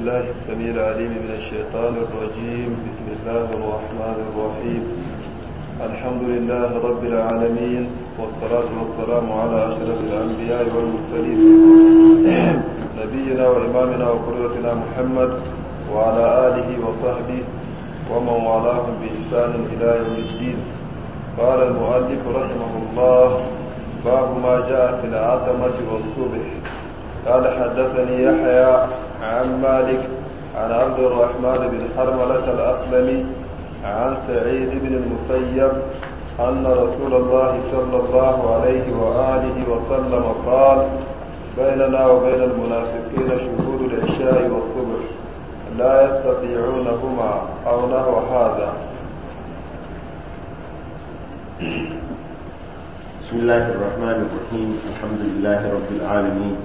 بالله السميع العليم من الشيطان الرجيم بسم الله الرحمن الرحيم الحمد لله رب العالمين والصلاة والسلام على أشرف الأنبياء والمرسلين نبينا وإمامنا وقدوتنا محمد وعلى آله وصحبه ومن والاهم بإحسان إلى يوم الدين قال المؤلف رحمه الله باب ما جاء في العتمة والصبح قال حدثني يحيى عن مالك عن عبد الرحمن بن حرملة الأسلمي عن سعيد بن المسيب أن رسول الله صلى الله عليه وآله وسلم قال بيننا وبين المنافقين شهود العشاء والصبح لا يستطيعونهما أو نحو هذا بسم الله الرحمن الرحيم الحمد لله رب العالمين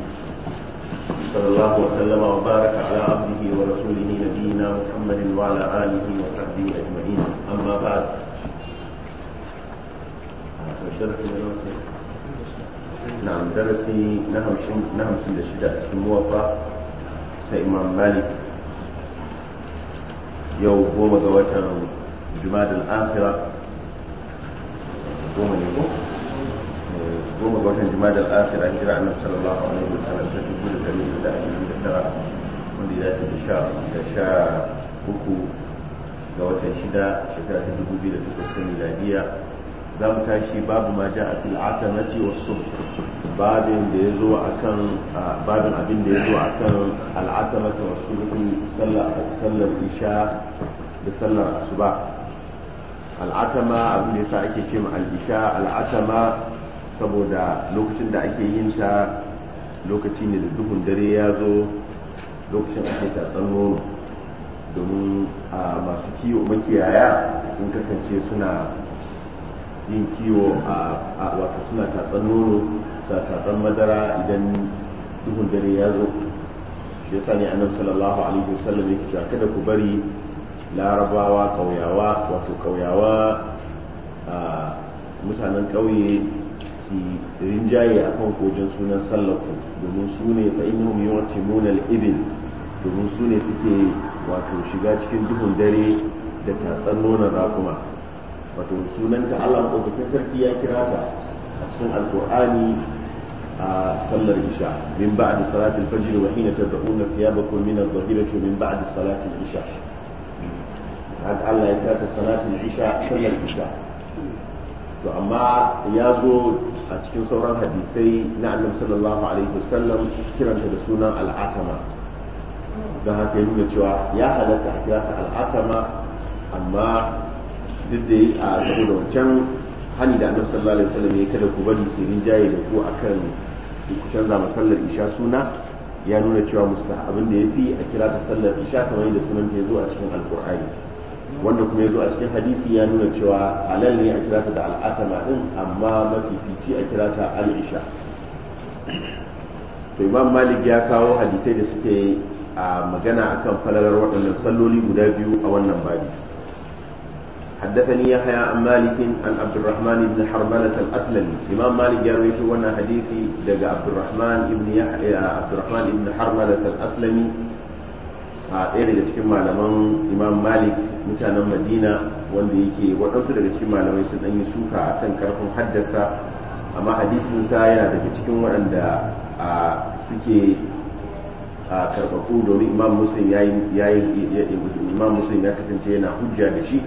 صلى الله وسلم وبارك على عبده ورسوله نبينا محمد وعلى آله وصحبه أجمعين أما بعد نعم درسي نعم نعم سند الشدة الموفى إمام مالك يوم قوم جماد الآخرة يوم يوم goma ga watan jima'a al'akhir an jira annabi sallallahu alaihi wasallam ta dubu da dari da ashirin da tara wanda ya ce da sha uku ga watan shida shekara ta dubu biyu da takwas ta miladiya za tashi babu ma ja a fil asamati wa subh babin da akan babin abin da ya zo akan sallar da sallar abin da ake ce ma al'isha al'atama saboda lokacin da ake yin ta lokaci ne da duhun dare ya zo lokacin ake tatsan nono domin a masu kiwo makiyaya sun kasance suna yin kiwo a wato suna tatsan nono ta tatsan madara idan duhun dare ya zo shi yasa ne annabi sallallahu alaihi wasallam yake cewa kada ku bari larabawa kauyawa wato kauyawa mutanen kauye ki rinjaye akan kojin sunan sallar ku domin su ne fa innahum yu'timuna al-ibil domin su ne suke wato shiga cikin duhun dare da tatsan nonon rakuma wato sunanta Allah ɗaukakin sarki ya kirata ta a cikin alkur'ani a sallar isha min ba'd salati al-fajr wa hina tad'una thiyabakum min adh-dhahirati min ba'd salati al-isha haka Allah ya kira ta salati isha to amma ya zo a cikin sauran hadisai na annabi sallallahu alaihi wasallam kiranta da sunan al'atama don haka yi nuna cewa ya halatta a kira al'atama amma duk da yi a saboda wancan hani da annabi sallallahu alaihi wasallam ya kada ku bari sirin rinjaye da ku akan ku canza masallar isha suna ya nuna cewa musta abin da ya fi a kira ta sallar isha kamar yadda sunan ta zo a cikin alkur'ani wanda kuma ya zo a cikin hadisi ya nuna cewa halal ne a kirata da al'atama din amma mafifici a kirata a al'isha to imam malik ya kawo hadisai da suke a magana akan falalar waɗannan salloli guda biyu a wannan babi حدثني يحيى عن مالك عن عبد الرحمن بن حرملة الأسلمي إمام مالك يروي وانا حديثي لقى عبد الرحمن بن يحيى عبد الرحمن بن حرملة الأسلمي a ɗaya daga cikin malaman imam malik mutanen madina wanda yake waɗansu daga cikin malamai sun ɗan suka a kan karfin haddasa amma hadisinsa yana daga cikin waɗanda suke karɓaɓɓu domin imam muslim ya yi imam muslim ya kasance yana hujja da shi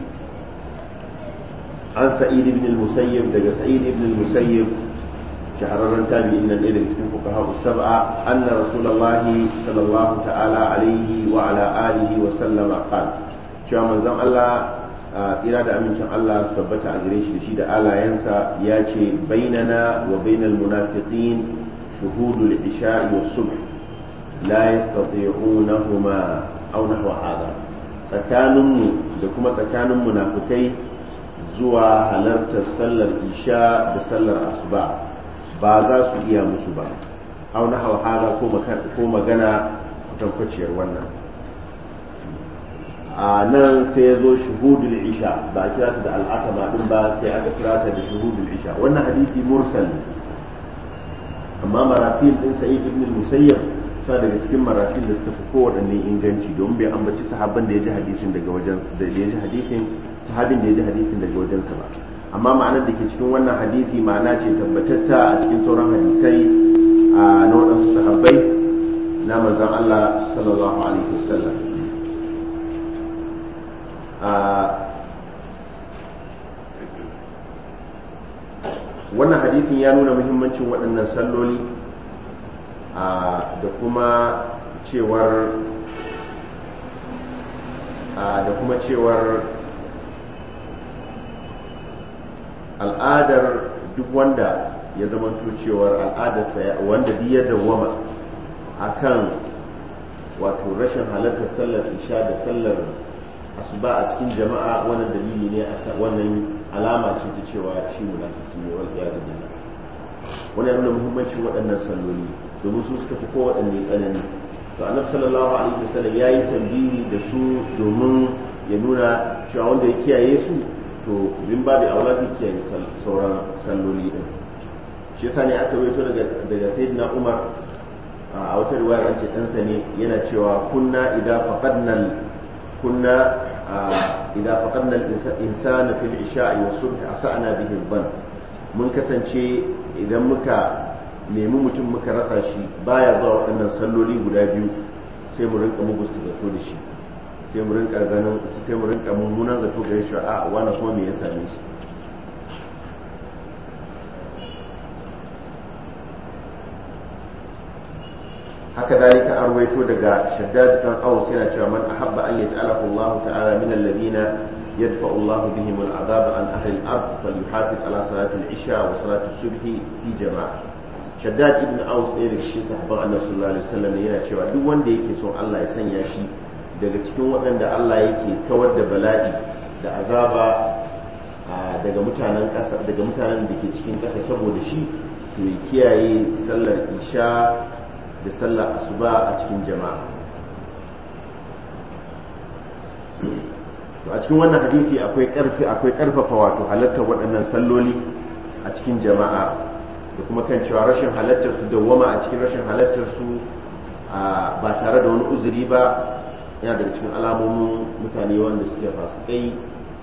an sa'id ibn al-musayyib daga sa'id ibn al-musayyib shahararren tabi'in nan ɗaya daga cikin fuqaha usaba anna rasulullahi sallallahu ta'ala alaihi wa ala alihi wa sallama qala cewa manzon Allah tsira da amincin Allah su tabbata a gare shi da shi da ya ce bainana wa bainal munafiqin shuhudul isha'i wa subh la yastati'unahuma aw nahwa hada tsakaninmu da kuma tsakanin munafikai zuwa halartar sallar isha da sallar asuba ba za su iya musu ba A wani hauhara ko magana kwaciyar wannan a nan sai ya zo shuhudul isha ba a kira ta da ba din ba sai aka kira ta da shuhudul isha wannan hadisi mursal amma marasil din sa'id ibn musayyab sa daga cikin marasil da suka fi kowaɗanne inganci domin bai ambaci sahabban da ya ji hadisin daga wajen da sahabin da ya ji hadisin daga wajensa ba amma ma'anar da ke cikin wannan hadisi ma'ana ce tabbatatta a cikin sauran hadisai a na sahabbai na manzon Allah sallallahu alaihi wasallam wannan hadisin ya nuna muhimmancin waɗannan salloli da kuma cewar da kuma cewar al'adar duk wanda ya zamanto cewar al'adarsa wanda duk ya a akan wato rashin halartar sallar isha da sallar asuba a cikin jama'a wannan dalili ne akan wannan alama ce ta cewa shi munafiki ne wal iyadu billah wannan yana muhimmancin waɗannan salloli domin su suka fi ko waɗanne tsanani to annabi sallallahu alaihi wasallam yayi tambayi da su domin ya nuna cewa wanda ya kiyaye su to min da aula ki yin sauran salloli din shi yasa ne aka waito daga daga sayyidina Umar a wata riwaya an ce ɗansa ne yana cewa kunna idza faqadna kunna idza faqadna al-insana fil isha'i wa subhi asana bihi al-ban mun kasance idan muka nemi mutum muka rasa shi baya zuwa waɗannan salloli guda biyu sai mu rinka mugusta zato da shi sai mu rinka ganin sai mu rinka mummunan zato gare shi a wani kuma me ya same shi haka dalika an ruwaito daga shaddad kan awus yana cewa man ahabba an yata'alahu Allah ta'ala min alladhina يدفع الله بهم العذاب عن أهل الأرض فليحافظ على صلاة العشاء وصلاة الصبح shaddad ibn awus ne da shi الشيخ صحابة النبي صلى الله yana cewa duk wanda yake son allah ya sanya shi. daga cikin waɗanda Allah yake kawar da bala'i da azaba daga mutanen ƙasa daga mutanen da ke cikin ƙasa saboda shi to ya kiyaye sallar isha da sallar asuba a cikin jama'a a cikin wannan hadisi akwai ƙarfi akwai ƙarfafa wato halartar waɗannan salloli a cikin jama'a da kuma kan cewa rashin halartar su dawwama a cikin rashin halartar su ba tare da wani uzuri ba yana daga cikin alamomin mutane wanda suke fasikai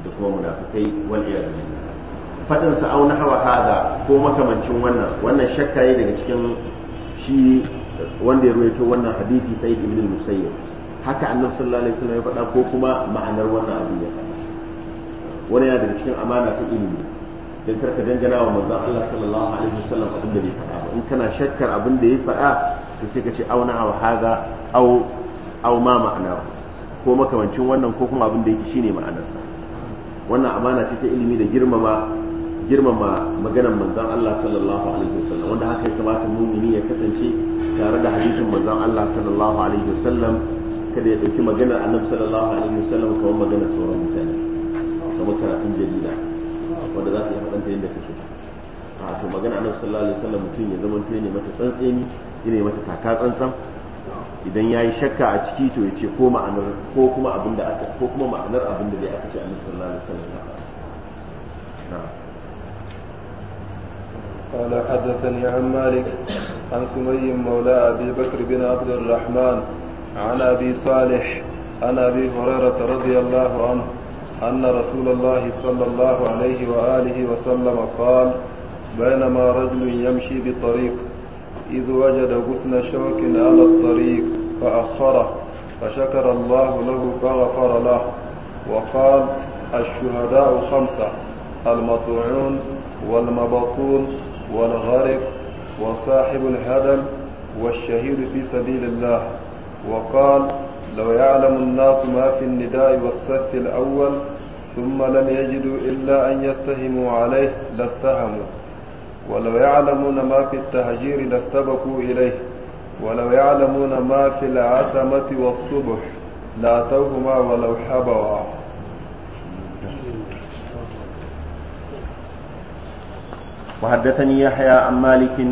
da kuma munafikai wal iyad billah fadin sa auna nahwa hada ko makamancin wannan wannan shakka ne daga cikin shi wanda ya ruwaito wannan hadisi sayyid ibn al-musayyib haka annabi sallallahu alaihi wasallam ya faɗa ko kuma ma'anar wannan abu ya wani yana daga cikin amana ta ilimi dan karka dangana wa manzon Allah sallallahu alaihi wasallam abin da bai faɗa in kana shakkar abin da ya faɗa to sai ka ce auna nahwa hada au aw ma ma'ana ko makamancin wannan ko kuma abin da yake shine ma'anarsa wannan amana ce ta ilimi da girmama girmama maganar manzon Allah sallallahu alaihi wasallam wanda haka ya kamata mumini ya kasance tare da hadisin manzon Allah sallallahu alaihi wasallam kada ya dauki maganar annabi sallallahu alaihi wasallam kamar maganar sauran mutane kamar karatun jarida wanda za ka yi faɗanta yadda kake a to magana annabi sallallahu alaihi wasallam mutum ya zama ne mata tsantseni ne mata taka tsantsan idan ya yi shakka a ciki to ya ce ko ma'anar ko kuma abin da aka ko kuma ma'anar abin da aka ce annabi sallallahu alaihi wasallam ba قال حدثني عن مالك عن سمي مولى ابي بكر بن عبد الرحمن عن ابي صالح عن ابي هريره رضي الله عنه ان رسول الله صلى الله عليه واله وسلم قال بينما رجل يمشي بطريق إذ وجد غصن شوك على الطريق فأخره فشكر الله له فغفر له وقال الشهداء خمسة المطوعون والمبطون والغرق وصاحب الهدم والشهيد في سبيل الله وقال لو يعلم الناس ما في النداء والصف الأول ثم لم يجدوا إلا أن يستهموا عليه لاستهموا ولو يعلمون ما في التهجير لاستبقوا إليه ولو يعلمون ما في العتمة والصبح لأتوهما ولو حبوا وحدثني يحيى عن مالك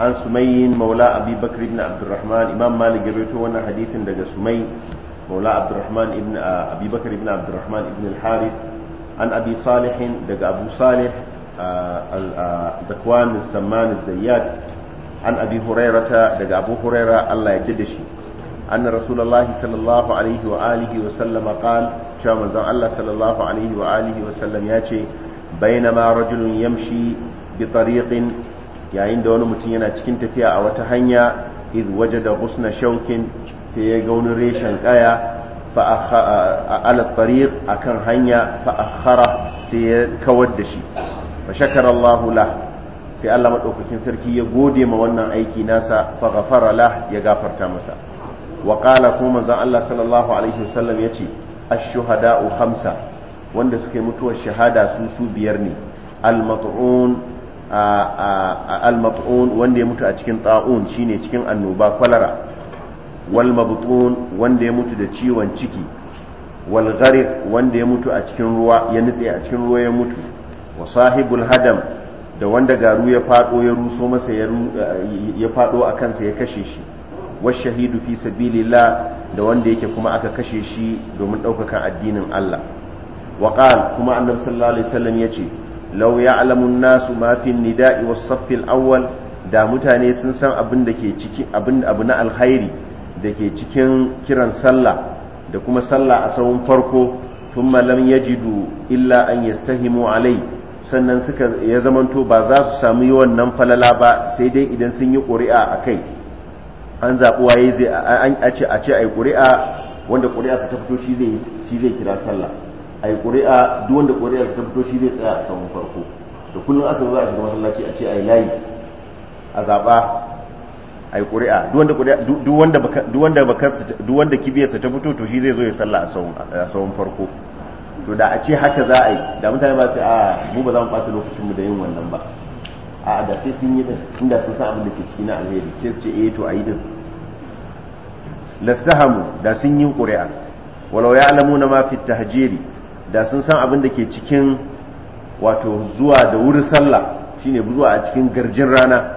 عن سمي مولى أبي بكر بن عبد الرحمن إمام مالك جبرته وانا حديث دقى سمي مولى عبد الرحمن ابن آه، أبي بكر بن عبد الرحمن ابن الحارث عن أبي صالح دقى أبو صالح zakwan samman zayyad an abi hurairata daga abu huraira Allah ya da shi anna rasulullahi sallallahu alaihi wa alihi wa sallama qal cewa manzon Allah sallallahu alaihi wa alihi wa sallam ya ce bainama rajulun yamshi bi tariqin yayin da wani mutum yana cikin tafiya a wata hanya iz da ghusna shaukin sai ya ga wani reshen kaya fa ala a kan hanya fa akhara sai ya kawar da shi fa shakara Allah lah sai Allah madaukakin sarki ya gode ma wannan aiki nasa fa ghafara lah ya gafarta masa wa qala kuma manzon Allah sallallahu alaihi wasallam yace ash-shuhada'u khamsa wanda suke mutuwar shahada su su biyar ne al-mat'un al-mat'un wanda ya mutu a cikin ta'un shine cikin annoba kwalara wal mabtun wanda ya mutu da ciwon ciki wal gharq wanda ya mutu a cikin ruwa ya nutse a cikin ruwa ya mutu wa sahibul hadam da wanda garu ya fado ya ruso masa ya fado a kansa ya kashe shi wa shahidu fi sabilillah da wanda yake kuma aka kashe shi domin ɗaukakan addinin Allah wa kuma annabi sallallahu alaihi wasallam yace law ya'lamun nasu ma fi nidai was saffil awwal da mutane sun san abin da ke ciki abin abu na alkhairi da ke cikin kiran sallah da kuma sallah a sawun farko thumma lam yajidu illa an yastahimu alai sannan suka ya zamanto ba za su samu yi wannan falala ba sai dai idan sun yi ƙuri'a a kai an zaɓi waye zai a ce a ce a yi ƙuri'a wanda ƙuri'a su ta fito shi zai kira sallah a yi ƙuri'a duk wanda ƙuri'a su ta fito shi zai tsaya a saman farko da kullum aka zo a shiga masallaci a ce a yi layi a zaɓa a yi ƙuri'a duk wanda kibiyarsa ta fito to shi zai zo ya sallah a saman farko to da a ce haka za a yi da mutane ba su a mu ba za mu ɓata lokacinmu da yin wannan ba a da sai sun yi din inda sun san abin da ke ciki na alheri sai su ce eh to a yi din lastahamu da sun yi ƙuri'a walau ya alamu na ma fi tahjiri da sun san abin da ke cikin wato zuwa da wuri sallah shine zuwa a cikin garjin rana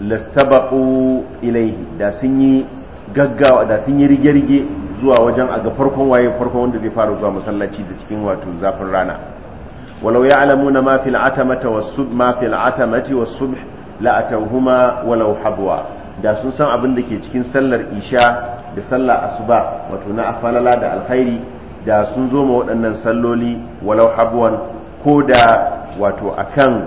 lastabaqu ilaihi da sun yi gaggawa da sun yi rige-rige zuwa wajen a ga farkon waye farkon wanda zai fara zuwa masallaci da cikin wato zafin rana walau ya alamuna ma fil atamata wasu mafi fil atamati wasubh walau habuwa da sun san abin da ke cikin sallar isha da sallar asuba wato na afalala da alkhairi da sun zo ma waɗannan salloli walau habuwan ko da wato kan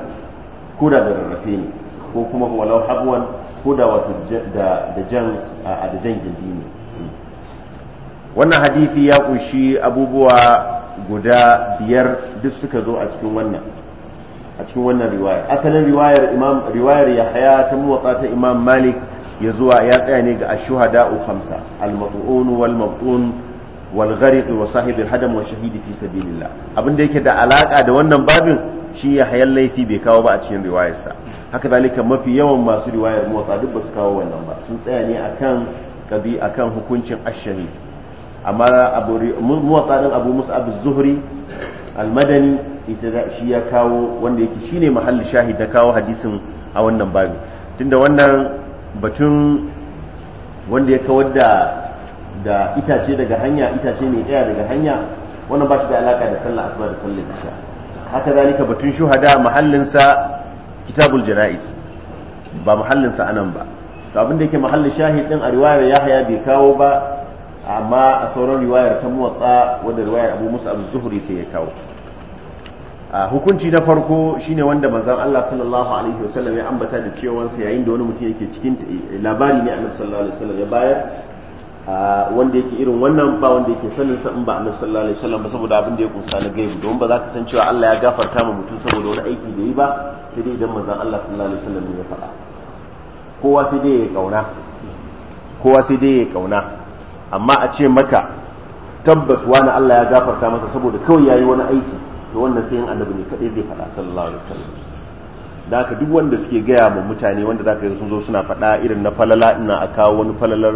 ko da da rarrafe ne ko kuma walau habuwan ko da wato da jan a da jan gindi ne wannan hadisi ya kunshi abubuwa guda biyar duk suka zo a cikin wannan a cikin wannan riwaya asalin riwayar imam riwayar yahya ta muwatta ta imam malik ya zuwa ya tsaya ne ga ashuhada u khamsa al-mat'un wal mabtun wal gharib wa sahib al-hadam wa shahidi fi sabilillah abin da yake da alaka da wannan babin shi ya hayal laifi bai kawo ba a cikin riwayarsa haka zalika mafi yawan masu riwayar muwatta duk ba su kawo wannan ba sun tsaya ne akan kabi akan hukuncin ash amma abu muwatsa abu musa abu zuhri almadani ita shi ya kawo wanda yake shine mahallin shahid da kawo hadisin a wannan babu tunda wannan batun wanda ya kawar da da itace daga hanya itace mai daya daga hanya wannan ba shi da alaka da sallah asuba da sallar isha haka zalika batun shuhada mahallin sa kitabul janaiz ba mahallin sa anan ba to abin da yake mahallin shahid din a riwayar yahya bai kawo ba amma a sauran riwayar ta muwatsa wadda riwayar abu musa abu zuhuri sai ya kawo hukunci na farko shine wanda manzon Allah sallallahu alaihi wasallam ya ambata da cewa sa yayin da wani mutum yake cikin eh, labari ne annabi sallallahu alaihi wasallam ya bayar wanda yake irin wannan ba wanda yake sanin sa in ba annabi sallallahu alaihi wasallam ba saboda abin da ya kunsa na gaibi don ba za ka san cewa Allah ya gafarta ma mutum saboda wani aiki da yi ba sai dai idan manzon Allah sallallahu alaihi wasallam ya faɗa kowa sai dai ya kauna kowa sai dai ya kauna amma a ce maka tabbas wani Allah ya gafarta masa saboda kawai yayi wani aiki to wannan sai yin annabi ne kadai zai faɗa sallallahu alaihi wasallam da haka duk wanda suke gaya ma mutane wanda zaka yi sun zo suna faɗa irin na falala ina a kawo wani falalar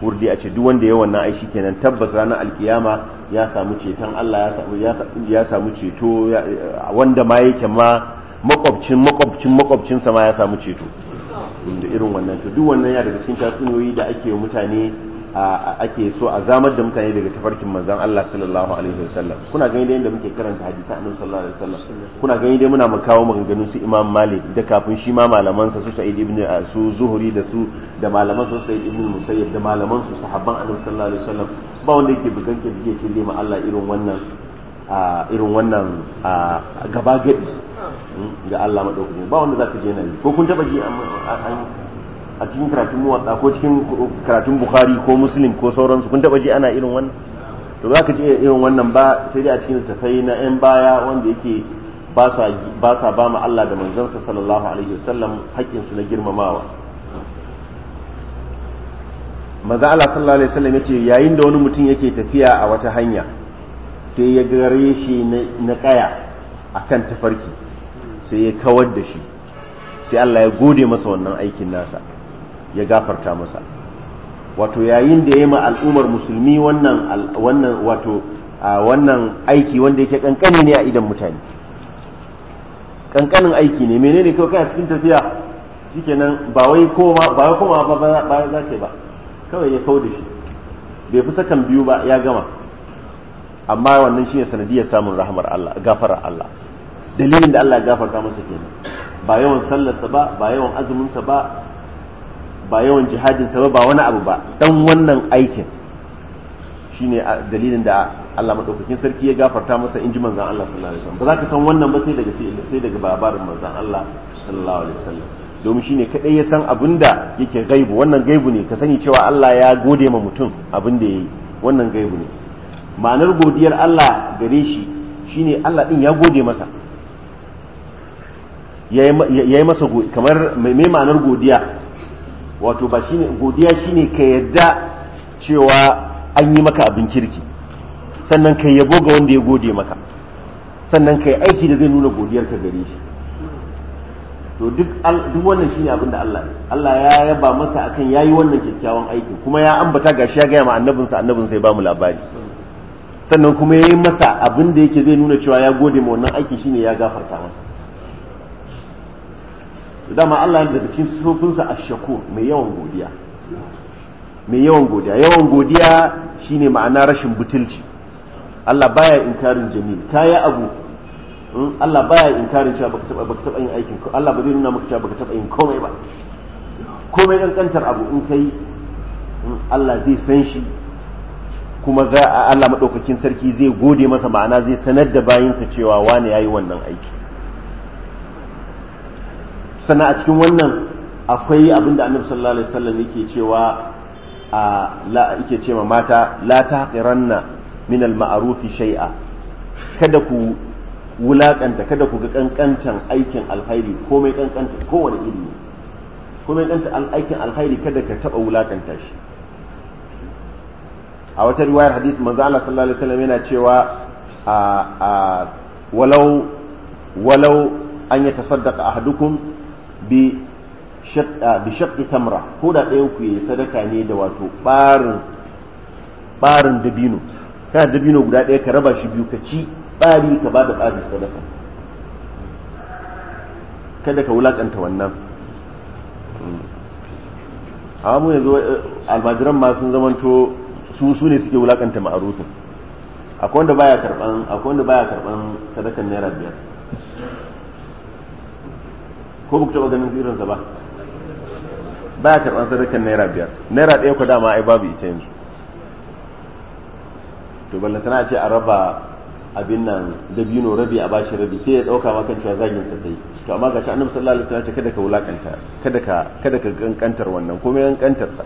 wurdi a ce duk wanda ya wannan aishi kenan tabbas ranar alkiyama ya samu ceton Allah ya samu ceto wanda ma yake ma makwabcin makwabcin makwabcinsa ma ya samu ceto da irin wannan to duk wannan ya daga cikin tatsuniyoyi da ake mutane ake so a zamar da mutane daga tafarkin manzon Allah sallallahu alaihi wasallam kuna gani dai yadda muke karanta hadisan annabi sallallahu alaihi wasallam kuna gani dai muna makawo maganganun su Imam Malik da kafin shi ma malaman sa su Sa'id ibn su Zuhri da su da malaman su Sa'id ibn Musayyib da malaman su sahabban annabi sallallahu alaihi wasallam ba wanda yake bugan kirje ce ma Allah irin wannan irin wannan gaba gadi hmm, ga Allah madaukakin ba wanda zaka je na ko kun taba ji an a cikin karatun muwatta ko cikin karatun bukhari ko muslim ko sauransu kun taba ji ana irin wannan to za ka ji irin wannan ba sai dai a cikin tafai na yan baya wanda yake ba sa ba ma Allah da manzansa sallallahu alaihi wasallam haƙƙinsu na girmamawa maza Allah sallallahu alaihi wasallam yace yayin da wani mutum yake tafiya a wata hanya sai ya gare shi na kaya kan tafarki sai ya kawar da shi sai Allah ya gode masa wannan aikin nasa ya gafarta masa wato yayin da ya ma al'ummar musulmi wannan wannan wato wannan aiki wanda yake kankani ne a idan mutane kankanin aiki ne menene kai a cikin tafiya shikenan ba wai koma ba wai koma ba ba za ba kawai ya kawo da shi bai fi sakan biyu ba ya gama amma wannan shine sanadiyar samun rahmar Allah gafara Allah dalilin da Allah ya gafarta masa kenan ba yawan sallarsa ba ba yawan azuminsa ba ba yawan jihadin sa ba wani abu ba dan wannan aikin shine dalilin da Allah maɗaukakin sarki ya gafarta masa inji manzon Allah sallallahu alaihi wasallam ba za ka san wannan ba sai daga sai daga babarin manzon Allah sallallahu alaihi wasallam domin shine kadai ya san abinda yake gaibu wannan gaibu ne ka sani cewa Allah ya gode ma mutum abin da yi wannan gaibu ne ma'anar godiyar Allah gare shi shine Allah din ya gode masa ya yi masa kamar mai ma'anar godiya wato ba shine godiya ne ka yadda cewa an yi maka abin kirki sannan ka yabo ga wanda ya gode maka sannan ka yi aiki da zai nuna godiyar ka gare shi to duk wannan wannan ne abin da Allah Allah ya yaba masa akan yi wannan kyakkyawan aiki kuma ya ambata ga shi ya gaya ma annabinsa annabinsa ya ba mu labari sannan kuma ya yi masa abin da yake zai nuna cewa ya gode ma wannan aiki ne ya gafarta masa dama Allah yana daga cikin sufofinsa ash-shakur mai yawan godiya mai yawan godiya yawan godiya shine ma'ana rashin butulci Allah baya inkarin jamil yi abu hmm, Allah baya inkarin cewa baka taba baka taba yin aikin Allah ba zai nuna maka cewa baka taba yin komai ba komai kankantar abu in kai hmm, Allah zai san shi kuma za Allah madaukakin sarki zai gode masa ma'ana zai sanar da bayinsa cewa wani yayi wannan aiki sannan a cikin wannan akwai abin da annabi sallallahu alaihi wasallam yake cewa a la yake cewa mata la taqiranna min al ma'ruf shay'a kada ku wulakanta kada ku ga kankantan aikin alkhairi komai kankanta kowane iri ne komai kankanta aikin alkhairi kada ka taba wulakanta shi a wata riwayar hadisi manzo Allah sallallahu alaihi wasallam yana cewa a walau walau an a ahadukum bi shaqqi ah, tamra ko da ɗayan ku yayi sadaka ne da wato barin barin dabino ka dabino guda ɗaya ka raba shi biyu ka ci bari ka bada bari sadaka kada ka wulakanta wannan hmm. amma mu yanzu eh, almajiran ma sun zamanto su su ne suke wulakanta ma'arufin akwai wanda baya karban akwai wanda baya karban sadakan naira biyar ko ba ku taɓa ganin zirinsa ba ba ya karɓar sadakan naira biyar naira ɗaya ku dama ai babu ita yanzu to balla tana ce a raba abin nan dabino rabi a bashi rabi sai ya ɗauka maka cewa zagin sa dai to amma ga ta annabi sallallahu alaihi wasallam ce kada ka wulakanta kada ka kada ka kankantar wannan kuma kankantar sa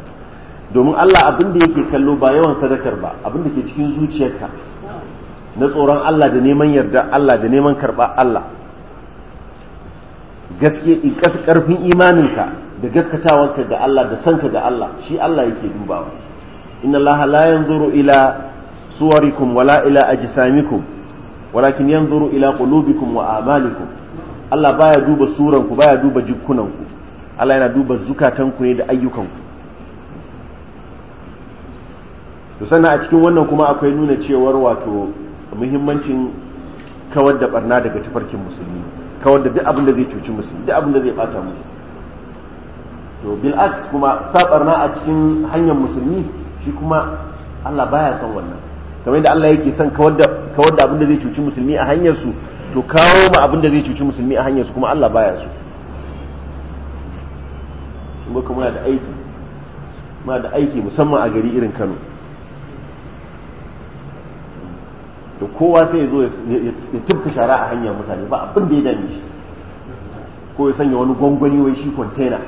domin Allah abin da yake kallo ba yawan sadakar ba abin da ke cikin zuciyarka na tsoron Allah da neman yarda Allah da neman karɓa Allah gaske karfin imaninka da gaskatawarka ga Allah da sanka ga Allah shi Allah yake dubawa inna Allah la yanzuru ila suwarikum wala ila ajsamikum walakin yanzuru ila qulubikum wa amalikum Allah baya duba suranku baya duba jikunanku, Allah yana duba zukatanku ne da ayyukanku to sannan a cikin wannan kuma akwai nuna cewar wato muhimmancin kawar da barna daga tafarkin musulmi kawar da duk abin da zai cuci musulmi duk abin da zai bata musu to bil aks kuma na a cikin hanyar musulmi shi kuma Allah baya son wannan kamar yadda Allah yake son kawar da abin da zai cuci musulmi a hanyar su to kawo ma abin da zai cuci musulmi a hanyar su kuma Allah baya so kuma kuma da aiki ma da aiki musamman a gari irin Kano to kowa sai ya zo ya tubka shara a hanyar mutane ba abin da ya dame shi ko ya sanya wani gwangwani wai shi container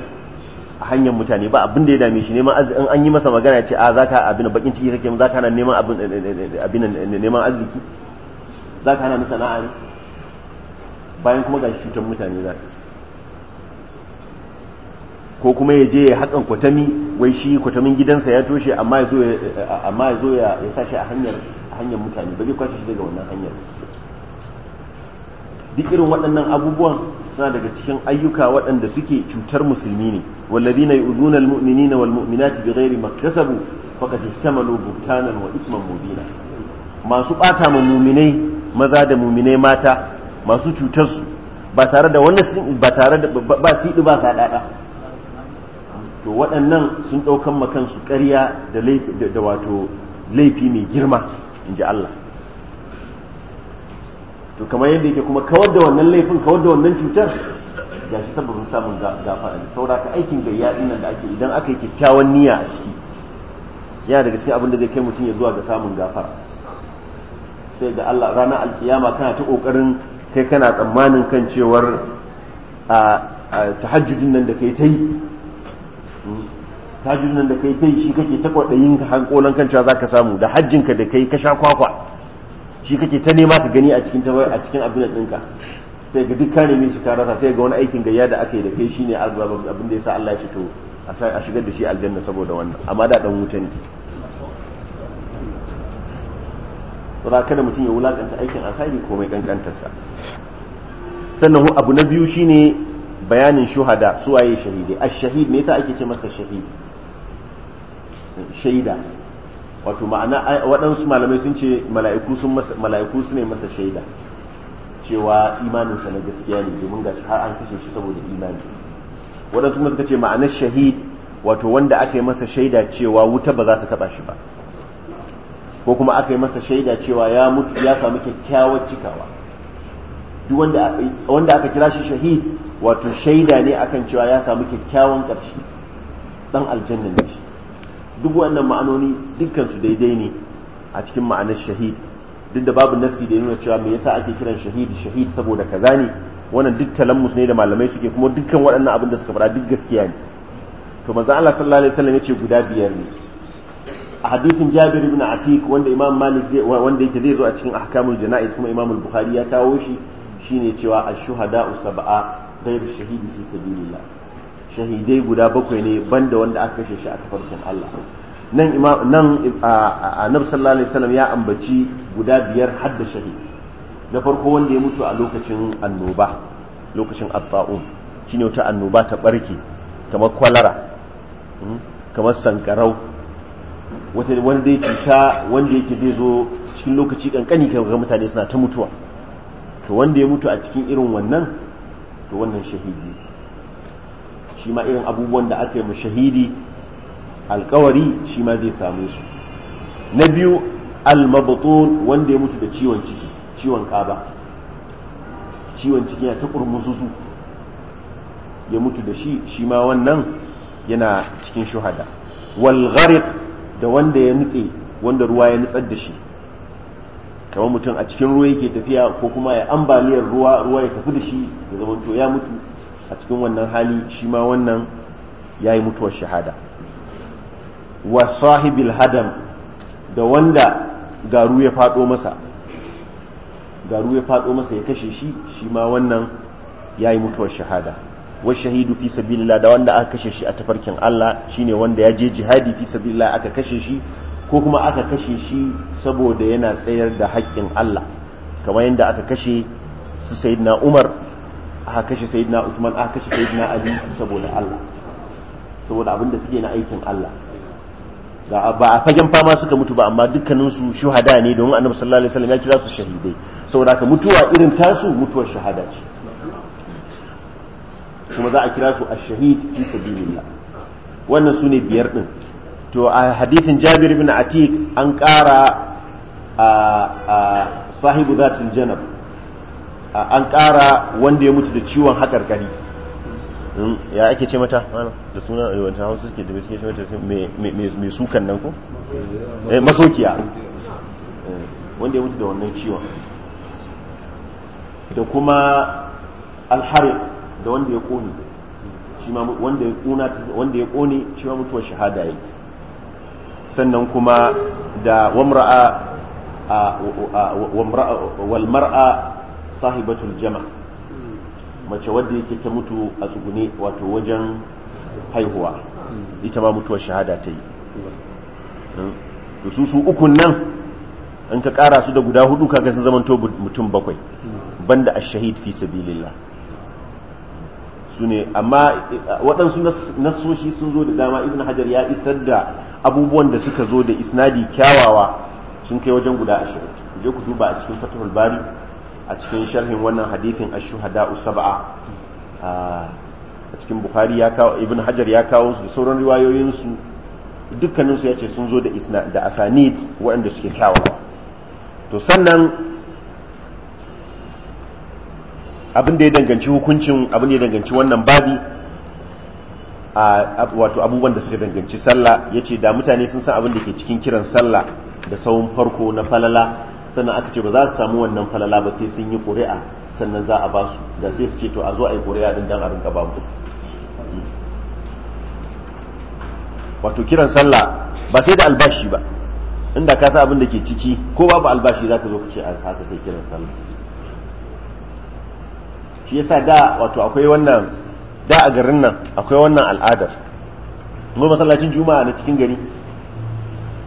a hanyar mutane ba abin da ya dame shi neman arziki in an yi masa magana ce a zaka abin bakin ciki kake za ka na neman abin eh, eh, eh, abin neman arziki za ka na sana'a ne bayan kuma ga cutar mutane za ko kuma ya je ya hakan kwatami wai shi kwatamin gidansa ya toshe amma ya zo ya sa shi a hanyar hanyar mutane ba zai kwashe shi daga wannan hanyar duk irin waɗannan abubuwan suna daga cikin ayyuka waɗanda suke cutar musulmi ne wallazina yu'zuna almu'minina walmu'minati bighairi maktasabu faqad ihtamalu buhtanan wa isman mubina masu bata ma muminai maza da muminai mata masu cutar su ba tare da wannan ba tare da ba yi ba kaɗaɗa to waɗannan sun ɗaukan ma kansu ƙarya da wato laifi mai girma in ji Allah to kamar yadda yake kuma kawar da wannan laifin kawar da wannan cutar ga shi sababin samun gafa da saboda ka aikin gayya din nan da ake idan aka yi kyakkyawan niyya a ciki yana daga cikin abin da zai kai mutum ya zuwa ga samun gafara sai ga Allah ranar alkiyama kana ta kokarin kai kana tsammanin kan cewar a tahajjudin nan da kai ta yi tahajjud nan da kai ta yi shi kake ta kwaɗayin hankolan kan cewa zaka samu da hajjinka da kai ka sha kwakwa shi kake ta nema ka gani a cikin a cikin abin ɗinka sai ga duk ka shi ka rasa sai ga wani aikin gayya da aka yi da kai shine azabun abin da yasa Allah ya a sai a shigar da shi aljanna saboda wannan amma da dan wuta ne saboda kada mutum ya wulakanta aikin alkhairi ko mai kankantarsa sannan abu na biyu shine bayanin shuhada su waye shahidai ash-shahid me yasa ake ce masa shahidi shaida wato ma'ana waɗansu malamai sun ce mala'iku su ne masa shaida cewa imaninsa na gaskiya ne domin ga har an kashe shi saboda imani waɗansu kuma suka ce ma'anar shahid wato wanda aka yi masa shaida cewa wuta ba za ta taɓa shi ba ko kuma aka yi masa shaida cewa ya mutu ya samu kyakkyawar cikawa duk wanda aka kira shi shahid wato shaida ne akan cewa ya samu kyakkyawan ƙarshe dan aljanna ne shi duk wannan ma'anoni dukkan su daidai ne a cikin ma'anar shahid duk da babu nasi da nuna cewa me yasa ake kiran shahid shahid saboda kaza ne wannan duk talammus ne da malamai suke kuma dukkan waɗannan abin da suka fara duk gaskiya ne to manzo Allah sallallahu alaihi wasallam yace guda biyar ne a hadisin Jabir ibn Atiq wanda Imam Malik zai wanda yake zai zo a cikin ahkamul janaiz kuma Imam al-Bukhari ya kawo shi shine cewa ash shuhadau sab'a ghayr shahidi fi sabilillah shahidai guda bakwai ne banda wanda aka kashe shi a tafarkin Allah nan imam nan nab sallallahu alaihi wasallam ya ambaci guda biyar har da shahid na farko wanda ya mutu a lokacin annoba lokacin abba'un shine wata annoba ta barke kamar kwalara hmm, kamar sankarau wata wanda yake ta wanda yake zai zo cikin lokaci kankani kan ga mutane suna ta mutuwa to wanda ya mutu a cikin irin wannan to wannan shahidi shi ma irin abubuwan da aka yi shahidi alkawari shi ma zai same su na biyu almabatun wanda ya mutu da ciwon ciki ciwon kaba ciwon ciki ya ta kurmuzuzu ya mutu da shi shi ma wannan yana cikin shuhada wal da wanda ya nutse wanda ruwa ya nutsar da shi kamar mutum a cikin ruwa yake tafiya ko kuma ya ambaliyar ruwa ruwa ya tafi da shi ya zama to ya mutu a cikin wannan hali shi ma wannan ya yi mutuwar shahada wa sahibil hadam da wanda garu ya faɗo masa garu ya faɗo masa ya kashe shi shi ma wannan ya yi mutuwar shahada wa shahidu fi sabilillah da wanda aka kashe shi a tafarkin Allah shine wanda ya je jihadi fi sabilillah aka kashe shi ko kuma aka kashe shi saboda yana tsayar da haƙƙin Allah kamar yadda aka kashe su sayyidina Umar aka kashe sayyidina Usman aka kashe sayyidina Ali saboda Allah saboda abin da suke na aikin Allah ba a fagen fama suka mutu ba amma dukkanin su shuhada ne domin Annabi sallallahu alaihi wasallam ya kira su shahidai saboda ka mutuwa irin tasu mutuwar shahada ce kuma za a kira su ash-shahid fi sabilillah wannan sune biyar din to a hadithin Jabir ibn Atiq an ƙara a sahibu zatul janab an ƙara wanda ya mutu da ciwon haƙarƙari hmm, ya ake ce mata da suna yawancin eh, hausa suke da mai suke ce mata mai sukan nan ko eh, masokiya eh, wanda ya mutu da wannan ciwon da kuma alhari da wanda ya ƙone wanda ya ƙone shi ma mutuwar shahada yi sannan kuma da wamra'a wal mar'a sahibatul jama mace wadda yake ta mutu a tsugune wato wajen haihuwa ita ma mutuwar shahada ta yi hmm. to su su ukun nan in ka kara su da guda hudu kaga sun zamanto mutum bakwai banda ash-shahid fi sabilillah su ne amma eh, waɗansu nasoshi sun zo da dama ibn hajar ya isar da abubuwan da suka zo da isnadi kyawawa sun kai wajen guda ashirin je ku duba a cikin fatahul bari a cikin sharhin wannan hadithin ash-shuhada sab'a a cikin bukhari ya kawo ibn hajar ya kawo su da sauran riwayoyin su dukkanin su sun zo da isna da asanid waɗanda suke kyawawa to sannan abin da ya danganci hukuncin abin da ya danganci wannan babi a wato abubuwan da suka danganci sallah yace da mutane sun san abin da ke cikin kiran sallah da sawun farko na falala sannan aka ce ba za su samu wannan falala ba sai sun yi ƙuri'a sannan za a ba su da sai su ce to a zo a yi ƙuri'a din dan a rinka ba mu wato kiran sallah ba sai da albashi ba inda ka sa abin da ke ciki ko babu albashi za ka zo ka ce a haka kai kiran sallah shi yasa da wato akwai wannan da a garin nan akwai wannan al'adar mu masallacin juma'a na cikin gari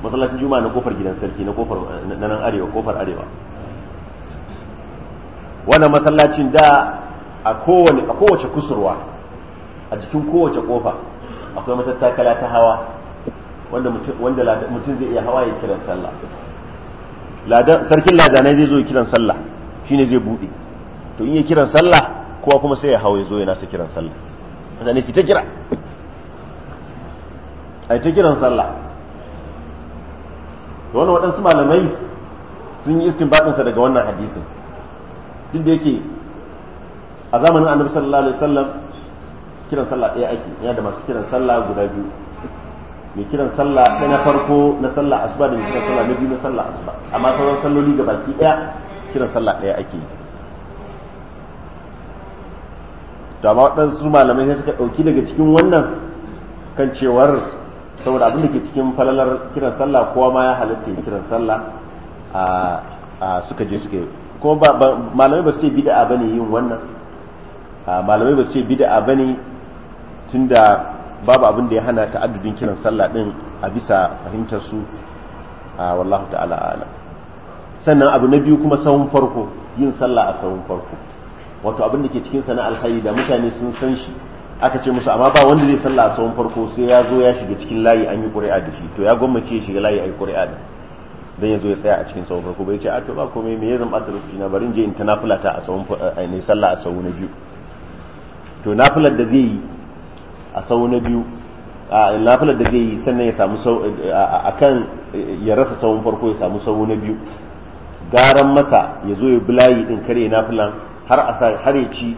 masallacin juma'a na kofar gidan sarki na kofar na nan arewa kofar arewa wannan masallacin da a kowane a kowace kusurwa a jikin kowace kofa akwai matattakala ta hawa wanda mutum zai iya hawa ya kiran sallah sarkin ladanai zai zo ya kira sallah shine zai bude to in ya kiran sallah kowa kuma sai ya hawa ya zo ya nasa kiran sallah mutane su ta kira ai ta kiran sallah to waɗansu malamai sun yi istinbatinsa daga wannan hadisin duk da yake a zamanin annabi sallallahu alaihi wasallam kiran sallah ɗaya ake yana da masu kiran sallah guda biyu mai kiran sallah ɗaya na farko na sallah asuba da mai kiran sallah na biyu na sallah asuba amma sauran salloli ga baki ɗaya kiran sallah ɗaya ake yi to amma waɗansu malamai sai suka ɗauki daga cikin wannan kan cewar saboda abin da ke cikin falalar kiran sallah kowa ma ya halatta kiran sallah a suka je suka kuma malamai ba su ce bid'a bane yin wannan malamai ba su ce bid'a bane tunda babu abin da ya hana ta'addudin kiran sallah din a bisa fahimtar su wallahu ta'ala ala sannan abu na biyu kuma sahun farko yin sallah a sahun farko wato abin da ke cikin sana alkhairi da mutane sun san shi aka ce musu amma ba wanda zai sallah a tsawon farko sai ya zo ya shiga cikin layi an yi ƙuri'a da shi to ya gwammace ya shiga layi a yi ƙuri'a da dan ya zo ya tsaya a cikin tsawon farko bai ce a to ba komai me ya zan ɓata lokaci na barin je in ta nafila ta a tsawon eh, a ne sallah a tsawon na biyu to nafilar da zai yi a tsawon na biyu a nafilar da zai yi sannan ya samu a kan eh, ya rasa tsawon farko ya samu tsawon na biyu garan masa ya zo ya bi layi din kare nafilan har a har ya ci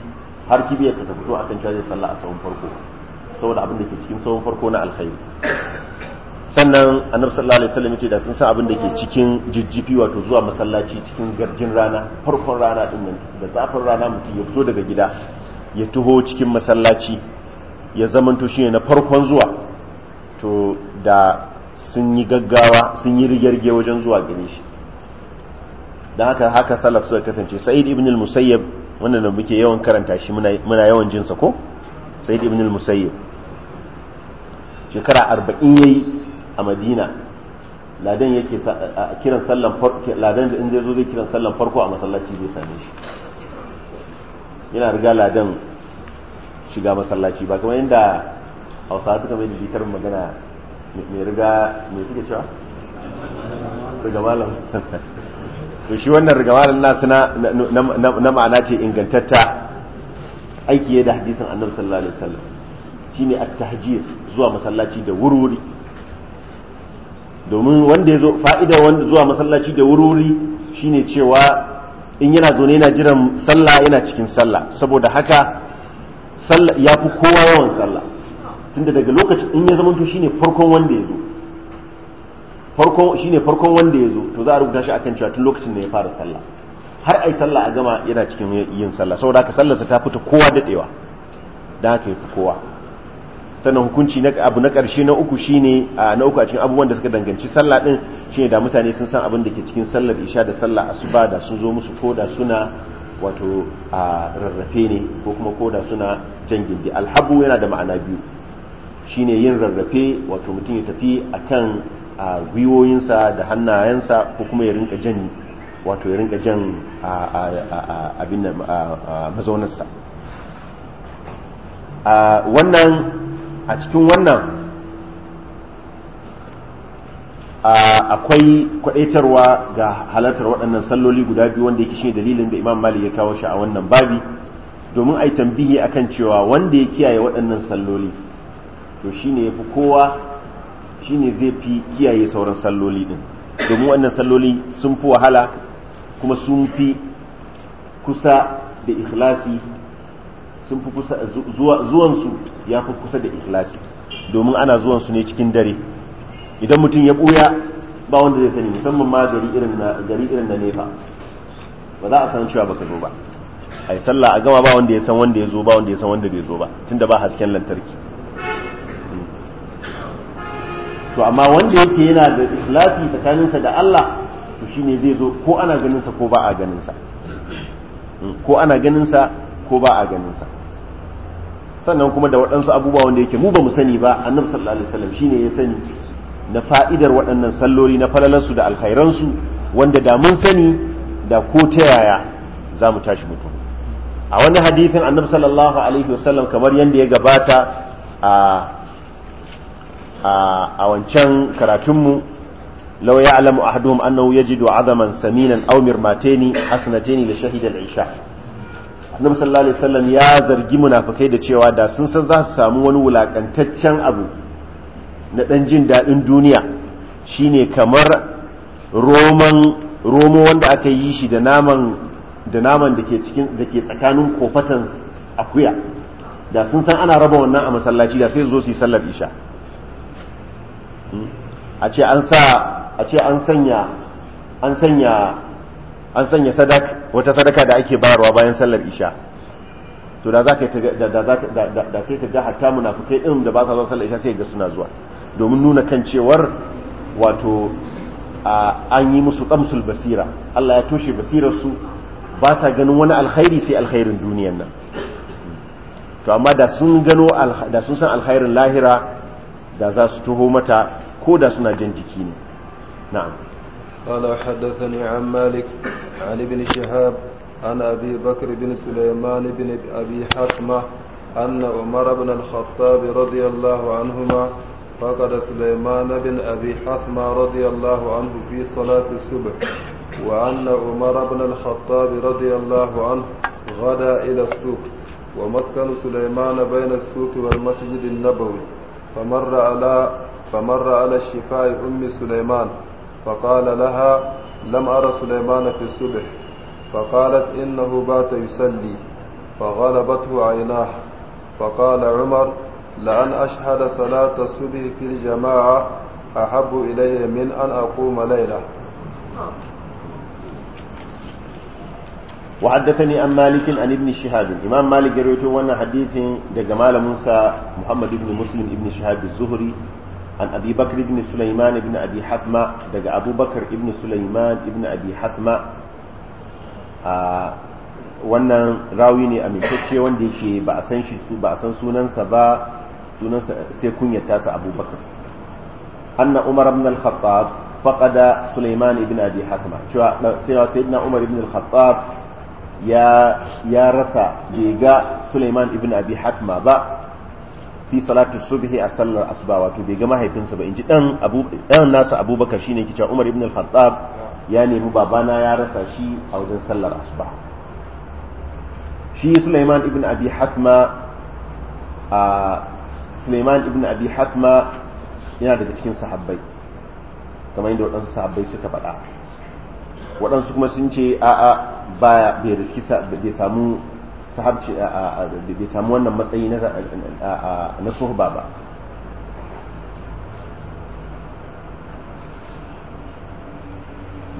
har kibiyar ta fito akan cewa zai sallah a tsawon farko saboda abin da ke cikin tsawon farko na alkhairi sannan annabi sallallahu alaihi wasallam yace da sun san abin da ke cikin jijjifi wato zuwa masallaci cikin garjin rana farkon rana din nan da zafin rana mutum ya fito daga gida ya tuho cikin masallaci ya zamanto shine na farkon zuwa to da sun yi gaggawa sun yi rigirge wajen zuwa gare shi dan haka haka salaf suka kasance sa'id ibn al-musayyab wannan da muke yawan karanta shi muna yawan jinsa ko sai ibn al-musayyib shekara arba'in yayi a madina ladan yake kiran sallan farko ladan da in zai zo zai kiran sallan farko a masallaci zai same shi yana riga ladan shiga masallaci ba kamar yadda hausa suka mai bitar magana mai riga mai suke cewa daga malam to shi wannan rigamalin nasu na ma'ana ce ingantatta aiki da hadisin annabi sallallahu alaihi wasallam shine at-tahjir zuwa masallaci da wurwuri domin wanda yazo fa'ida wanda zuwa masallaci da wurwuri shine cewa in yana zo ne yana jiran sallah yana cikin sallah saboda haka sallah ya fi kowa yawan sallah tunda daga lokacin in ya zama to shine farkon wanda ya zo farko ne farkon wanda ya zo to za a rubuta shi akan cewa tun lokacin da ya fara sallah har ai sallah a gama yana cikin yin sallah saboda haka sallarsa ta fita kowa dadewa da haka fi kowa sannan hukunci abu na ƙarshe na uku a na uku a cikin abubuwan da suka danganci sallah ɗin shi ne da mutane sun san abin da ke cikin sallar isha da sallah ba da sun zo musu ko da suna wato a rarrafe ne ko kuma ko da suna jan gindi alhabu yana da ma'ana biyu shine yin rarrafe wato mutum ya tafi akan a gwiwoyinsa da hannayensa ko kuma ya rinka jan wato ya rinka jan abin da mazaunarsa wannan a cikin wannan akwai kwadaitarwa ga halartar waɗannan salloli guda biyu wanda yake shi dalilin da imam malik ya kawo shi a wannan babi domin a yi tambihi akan cewa wanda ya kiyaye waɗannan salloli to shine ya fi kowa shi ne zai fi kiyaye sauran salloli din domin wannan salloli sun fi wahala kuma sun fi kusa da ikhlasi sun fi kusa zuwansu ya fi kusa da ikhlasi domin ana zuwansu ne cikin dare idan mutum ya buya ba wanda zai sani musamman ma gari irin na gari irin na nefa ba za a san cewa baka zo ba a yi sallah a gama ba wanda ya san wanda ya zo ba wanda ya san wanda bai zo ba tunda ba hasken lantarki to amma wanda yake yana da ikhlasi tsakaninsa da Allah to shine zai zo ko ana ganin sa ko ba a ganin sa mm, ko ana ganin sa ko ba a ganin sa sannan kuma da waɗansu abubuwa wanda yake mu ba mu sani ba annabi sallallahu alaihi wasallam shine ya sani na fa'idar waɗannan salloli na falalansu da alkhairansu wanda da mun sani da ko ta yaya za mu tashi mutum a wani hadithin annabi sallallahu alaihi wasallam kamar yadda ya gabata a a wancan karatunmu law ya'lamu ahaduhum annahu yajidu azaman saminan aw mirmateni hasanateni la shahida al-isha annabi sallallahu alaihi wasallam ya zargi munafikai da cewa da sun san za su samu wani wulakantaccen abu na dan jin dadin duniya shine kamar roman romo wanda aka yi shi da naman da ke cikin da ke tsakanin kofatan akuya da sun san ana raba wannan a masallaci da sai su zo su yi sallar isha a ce an sa a ce an sanya an sanya an sanya sadaka wata sadaka da ake bayarwa bayan sallar isha to da za ka da sai ka ga hatta munafukai din da ba sa zuwa sallar isha sai ga suna zuwa domin nuna kan cewar wato an yi musu kamsul basira Allah ya toshe basirar su ba sa ganin wani alkhairi sai alkhairin duniyar nan to amma da sun gano da sun san alkhairin lahira da za su taho mata ko da suna jan jiki ne na'am قال حدثني عن مالك عن ابن شهاب عن أبي بكر بن سليمان بن أبي حكمة أن عمر بن الخطاب رضي الله عنهما فقد سليمان بن أبي حثمة رضي الله عنه في صلاة الصبح وأن عمر بن الخطاب رضي الله عنه غدا إلى السوق ومسكن سليمان بين السوق والمسجد النبوي فمر على فمر على الشفاء أم سليمان فقال لها لم أرى سليمان في الصبح فقالت إنه بات يسلي فغلبته عيناه فقال عمر لأن أشهد صلاة الصبح في الجماعة أحب إلي من أن أقوم ليلة وحدثني عن مالك عن ابن شهاب الإمام مالك رويته وانا حديث دقمال موسى محمد بن مسلم ابن شهاب الزهري عن أبي بكر بن سليمان بن أبي حثمة دق أبو بكر بن سليمان بن wannan rawi ne amintacce wanda yake ba a shi su ba a san sunansa ba sunansa sai kunyata sa abubakar anna umar ibn al-khattab faqada sulaiman ibn abi hatma sai sayyidina ibn al ya rasa bai ga sulaiman ibn abi hatma ba fi salatu subhi a sallar asuba wato bai ga mahaifinsa ba in ji ɗan nasa abubakar shine ne kicin umar ibn al-khattab ya nemi babana ya rasa shi a wajen sallar asuba shi suleiman ibn abi hatma a suleiman ibn abi hatma yana daga cikin sahabbai kamar yadda waɗansu sahabbai suka faɗa waɗansu kuma sun ce a'a baya bai bai samu mustahabci bai samu wannan matsayi na suhba ba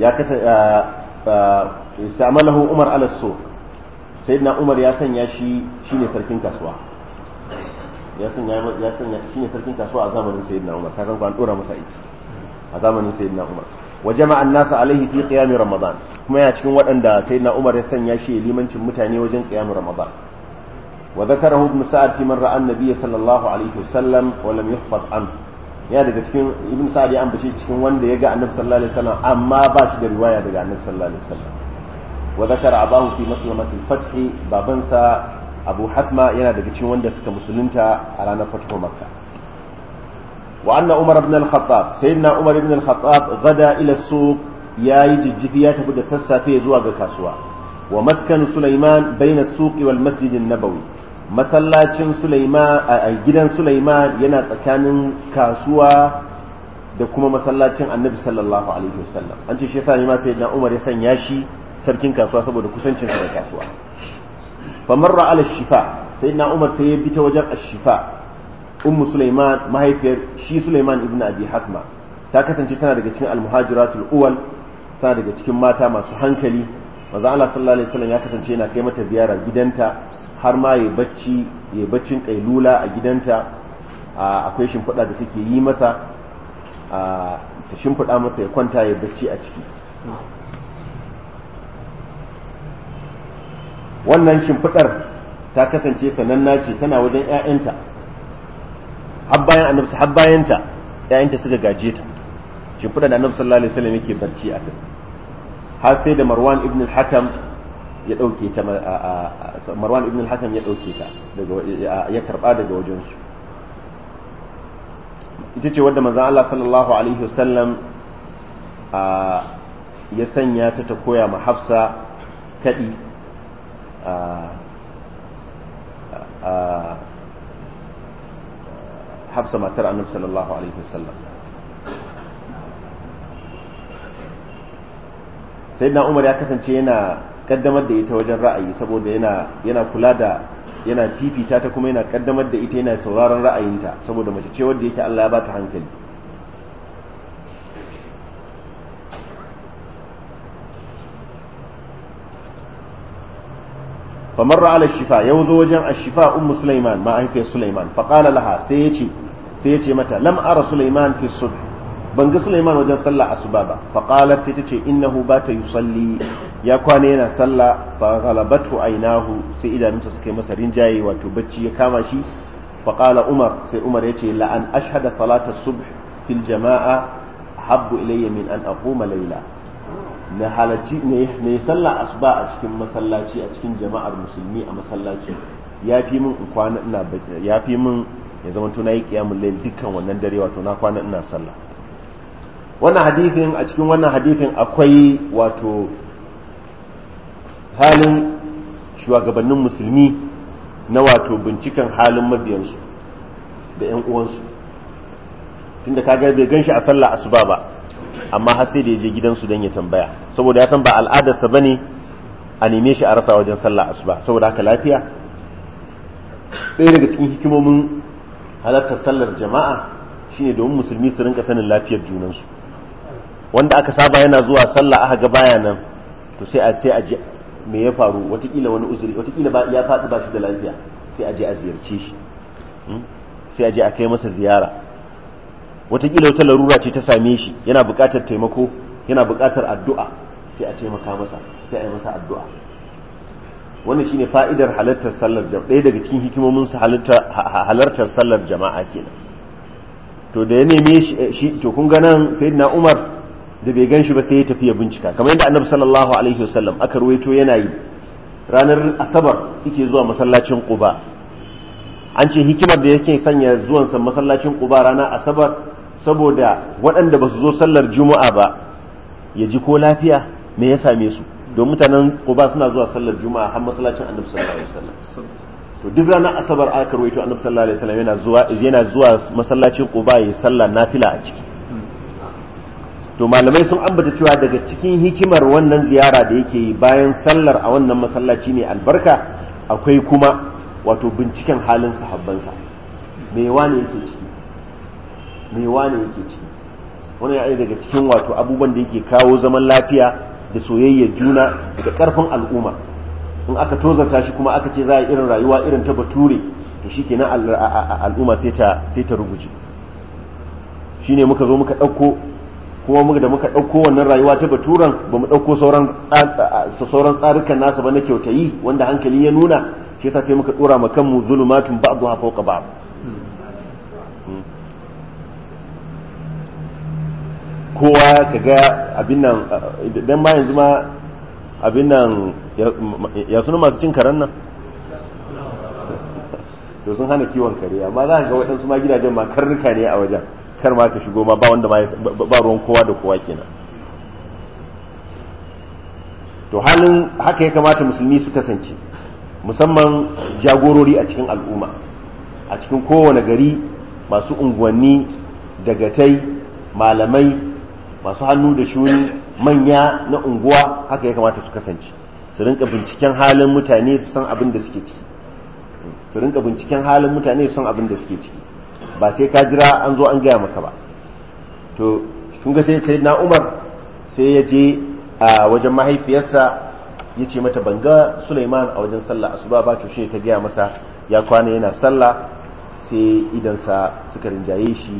ya kasa umar alasso sayyidina umar ya sanya shi shine sarkin kasuwa ya sanya ya sanya shine sarkin kasuwa a zamanin sayyidina umar kasan ku an dora masa aiki a zamanin sayyidina umar wa jama'a an-nasa alaihi fi qiyam ramadan kuma yana cikin waɗanda sai na umar ya sanya shi limancin mutane wajen ƙiyamun ramadan wa zakarahu ibn sa'ad fi man ra'a an-nabiy sallallahu alaihi wasallam wa lam yahfaz an ya daga cikin ibn sa'ad ya ambace cikin wanda ya ga annabi sallallahu alaihi wasallam amma ba shi da riwaya daga annabi sallallahu alaihi wasallam wa zakara abahu fi maslamati al-fath babansa abu hatma yana daga cikin wanda suka musulunta a ranar fatuhu makka وأن عمر بن الخطاب سيدنا عمر بن الخطاب غدا إلى السوق ya yi jijjifi ya tafi da sassafe zuwa ga kasuwa wa maskan Sulaiman baina suqi wal masjidin nabawi masallacin Sulaiman a gidan Sulaiman yana tsakanin kasuwa da kuma masallacin Annabi sallallahu alaihi wasallam an ce shi yasa ne ma sai na Umar ya sanya shi sarkin kasuwa saboda kusancin sa da kasuwa fa marra ala shifa sai na Umar sai ya bi ta wajen ashifa ummu Sulaiman mahaifiyar shi Sulaiman ibn Abi hatma ta kasance tana daga cikin al-muhajiratul uwal ta daga cikin mata masu hankali maza Allah sallallahu alaihi wasallam ya kasance yana kai mata ziyara gidanta har ma ya bacci ya baccin kailula a gidanta akwai shimfiɗa da take yi masa ta shimfiɗa masa ya kwanta ya bacci a ciki wannan shimfiɗar ta kasance sananna ce tana wajen 'ya'yanta har bayanta 'ya'yanta suka gaje ta shimfiɗa da annabi sallallahu alaihi wasallam yake barci a kai har sai da marwan ibn al-hakam ya dauke ta marwan ibn al-hakam ya dauke ta daga ya karba daga wajen wajensu ita ce wanda manzon Allah sallallahu alaihi wasallam a ya sanya ta ta koya ma hafsa kadi a a hafsa matar annabi sallallahu alaihi wasallam sai na umar ya kasance yana kaddamar da ita wajen ra'ayi saboda yana kula da yana fifita ta kuma yana kaddamar da ita yana sauraron ra'ayinta saboda mace ce wadda yake Allah ya ta hankali فمر shifa الشفاء يوزو wajen sulaiman shifa سليمان ما sai سليمان فقال لها sai ya ce mata lam'ara sulaiman fi الصبح ban ga Sulaiman wajen sallah asuba ba fa qalat sai tace innahu bata yusalli ya kwana yana sallah fa ghalabatu ainahu sai idanunsa suka yi masa rinjaye wato bacci ya kama shi fa qala Umar sai Umar yace la an ashhada salata subh fil jama'a habbu ilayya min an aquma layla na halacci ne ne sallah asuba a cikin masallaci a cikin jama'ar musulmi a masallaci yafi min in kwana ina yafi min ya zama to nayi qiyamul layl dukkan wannan dare wato na kwana ina sallah wannan hadithin a cikin wannan hadithin akwai wato halin shugabannin musulmi na wato binciken halin mabiyansu da 'yan uwansu tunda kaga bai gan shi a sallah asuba ba amma har sai da ya je gidansu don ya tambaya saboda ya san ba al'adarsa ba ne a neme shi a rasa wajen sallah asuba saboda haka lafiya ɗaya daga cikin hikimomin halartar sallar jama'a shine domin musulmi su rinka sanin lafiyar junansu wanda aka saba yana zuwa sallah aka ga baya nan to sai a sai a je me ya faru watakila wani uzuri watakila ba ya faɗi ba shi da lafiya sai a je a ziyarce shi hmm? sai a je a kai masa ziyara watakila wata larura ce ta same shi yana buƙatar taimako yana buƙatar addu'a sai a taimaka masa sai a yi masa addu'a wannan shine fa'idar halartar sallar jama'a ɗaya daga cikin hikimomin su halartar sallar jama'a kenan to da ya neme shi to kun ga nan sayyidina Umar da bai gan shi ba sai ya tafi ya bincika kamar yadda annabi sallallahu alaihi wasallam aka ruwaito yana yi ranar asabar yake zuwa masallacin quba an ce hikimar da yake sanya zuwansa masallacin quba ranar asabar saboda waɗanda ba su zo sallar juma'a ba ya ji ko lafiya me ya same su don mutanen quba suna zuwa sallar juma'a har masallacin annabi sallallahu alaihi wasallam to duk ranar asabar aka ruwaito annabi sallallahu alaihi wasallam yana zuwa yana zuwa masallacin quba ya sallar nafila a ciki to malamai sun ambata cewa daga cikin hikimar wannan ziyara da yake yi bayan sallar a wannan masallaci ne albarka akwai kuma wato binciken halin sahabbansa me wane yake ciki me wane yake ciki wannan ya daga cikin wato abubuwan da yake kawo zaman lafiya da soyayyar juna da karfin al'umma in aka tozarta shi kuma aka ce za a irin rayuwa irin ta bature to shikenan al'umma sai ta sai ta ne shine muka zo muka ɗauko kuma muka da muka ɗauko wannan rayuwa ta baturan ba mu ɗauko sauran tsarukan nasa ba na kyautayi wanda hankali ya nuna shi yasa sai muka ɗora ma kanmu zulumatun ba zuwa fauka ba. kowa ka ga abin nan don ma yanzu ma abin nan ya suna masu cin karen nan to sun hana kiwon kare amma za ka ga waɗansu ma gidajen ma karnuka ne a wajen kar ma ka shigo ma ba wanda ba ruwan kowa da kowa kenan to halin haka ya kamata musulmi su kasance musamman jagorori a cikin al'umma a cikin kowane gari masu unguwanni dagatai malamai masu hannu da shuni manya na unguwa haka ya kamata su kasance su rinka binciken halin mutane su san abin da suke ciki su rinka binciken halin mutane su san abin da suke ciki ba sai ka jira an zo an gaya maka ba to kun ga sai na umar sai ya je a wajen mahaifiyarsa ya ce mata banga suleiman a wajen sallah asuba ba to shi ta gaya masa ya kwana yana sallah sai idansa suka rinjaye shi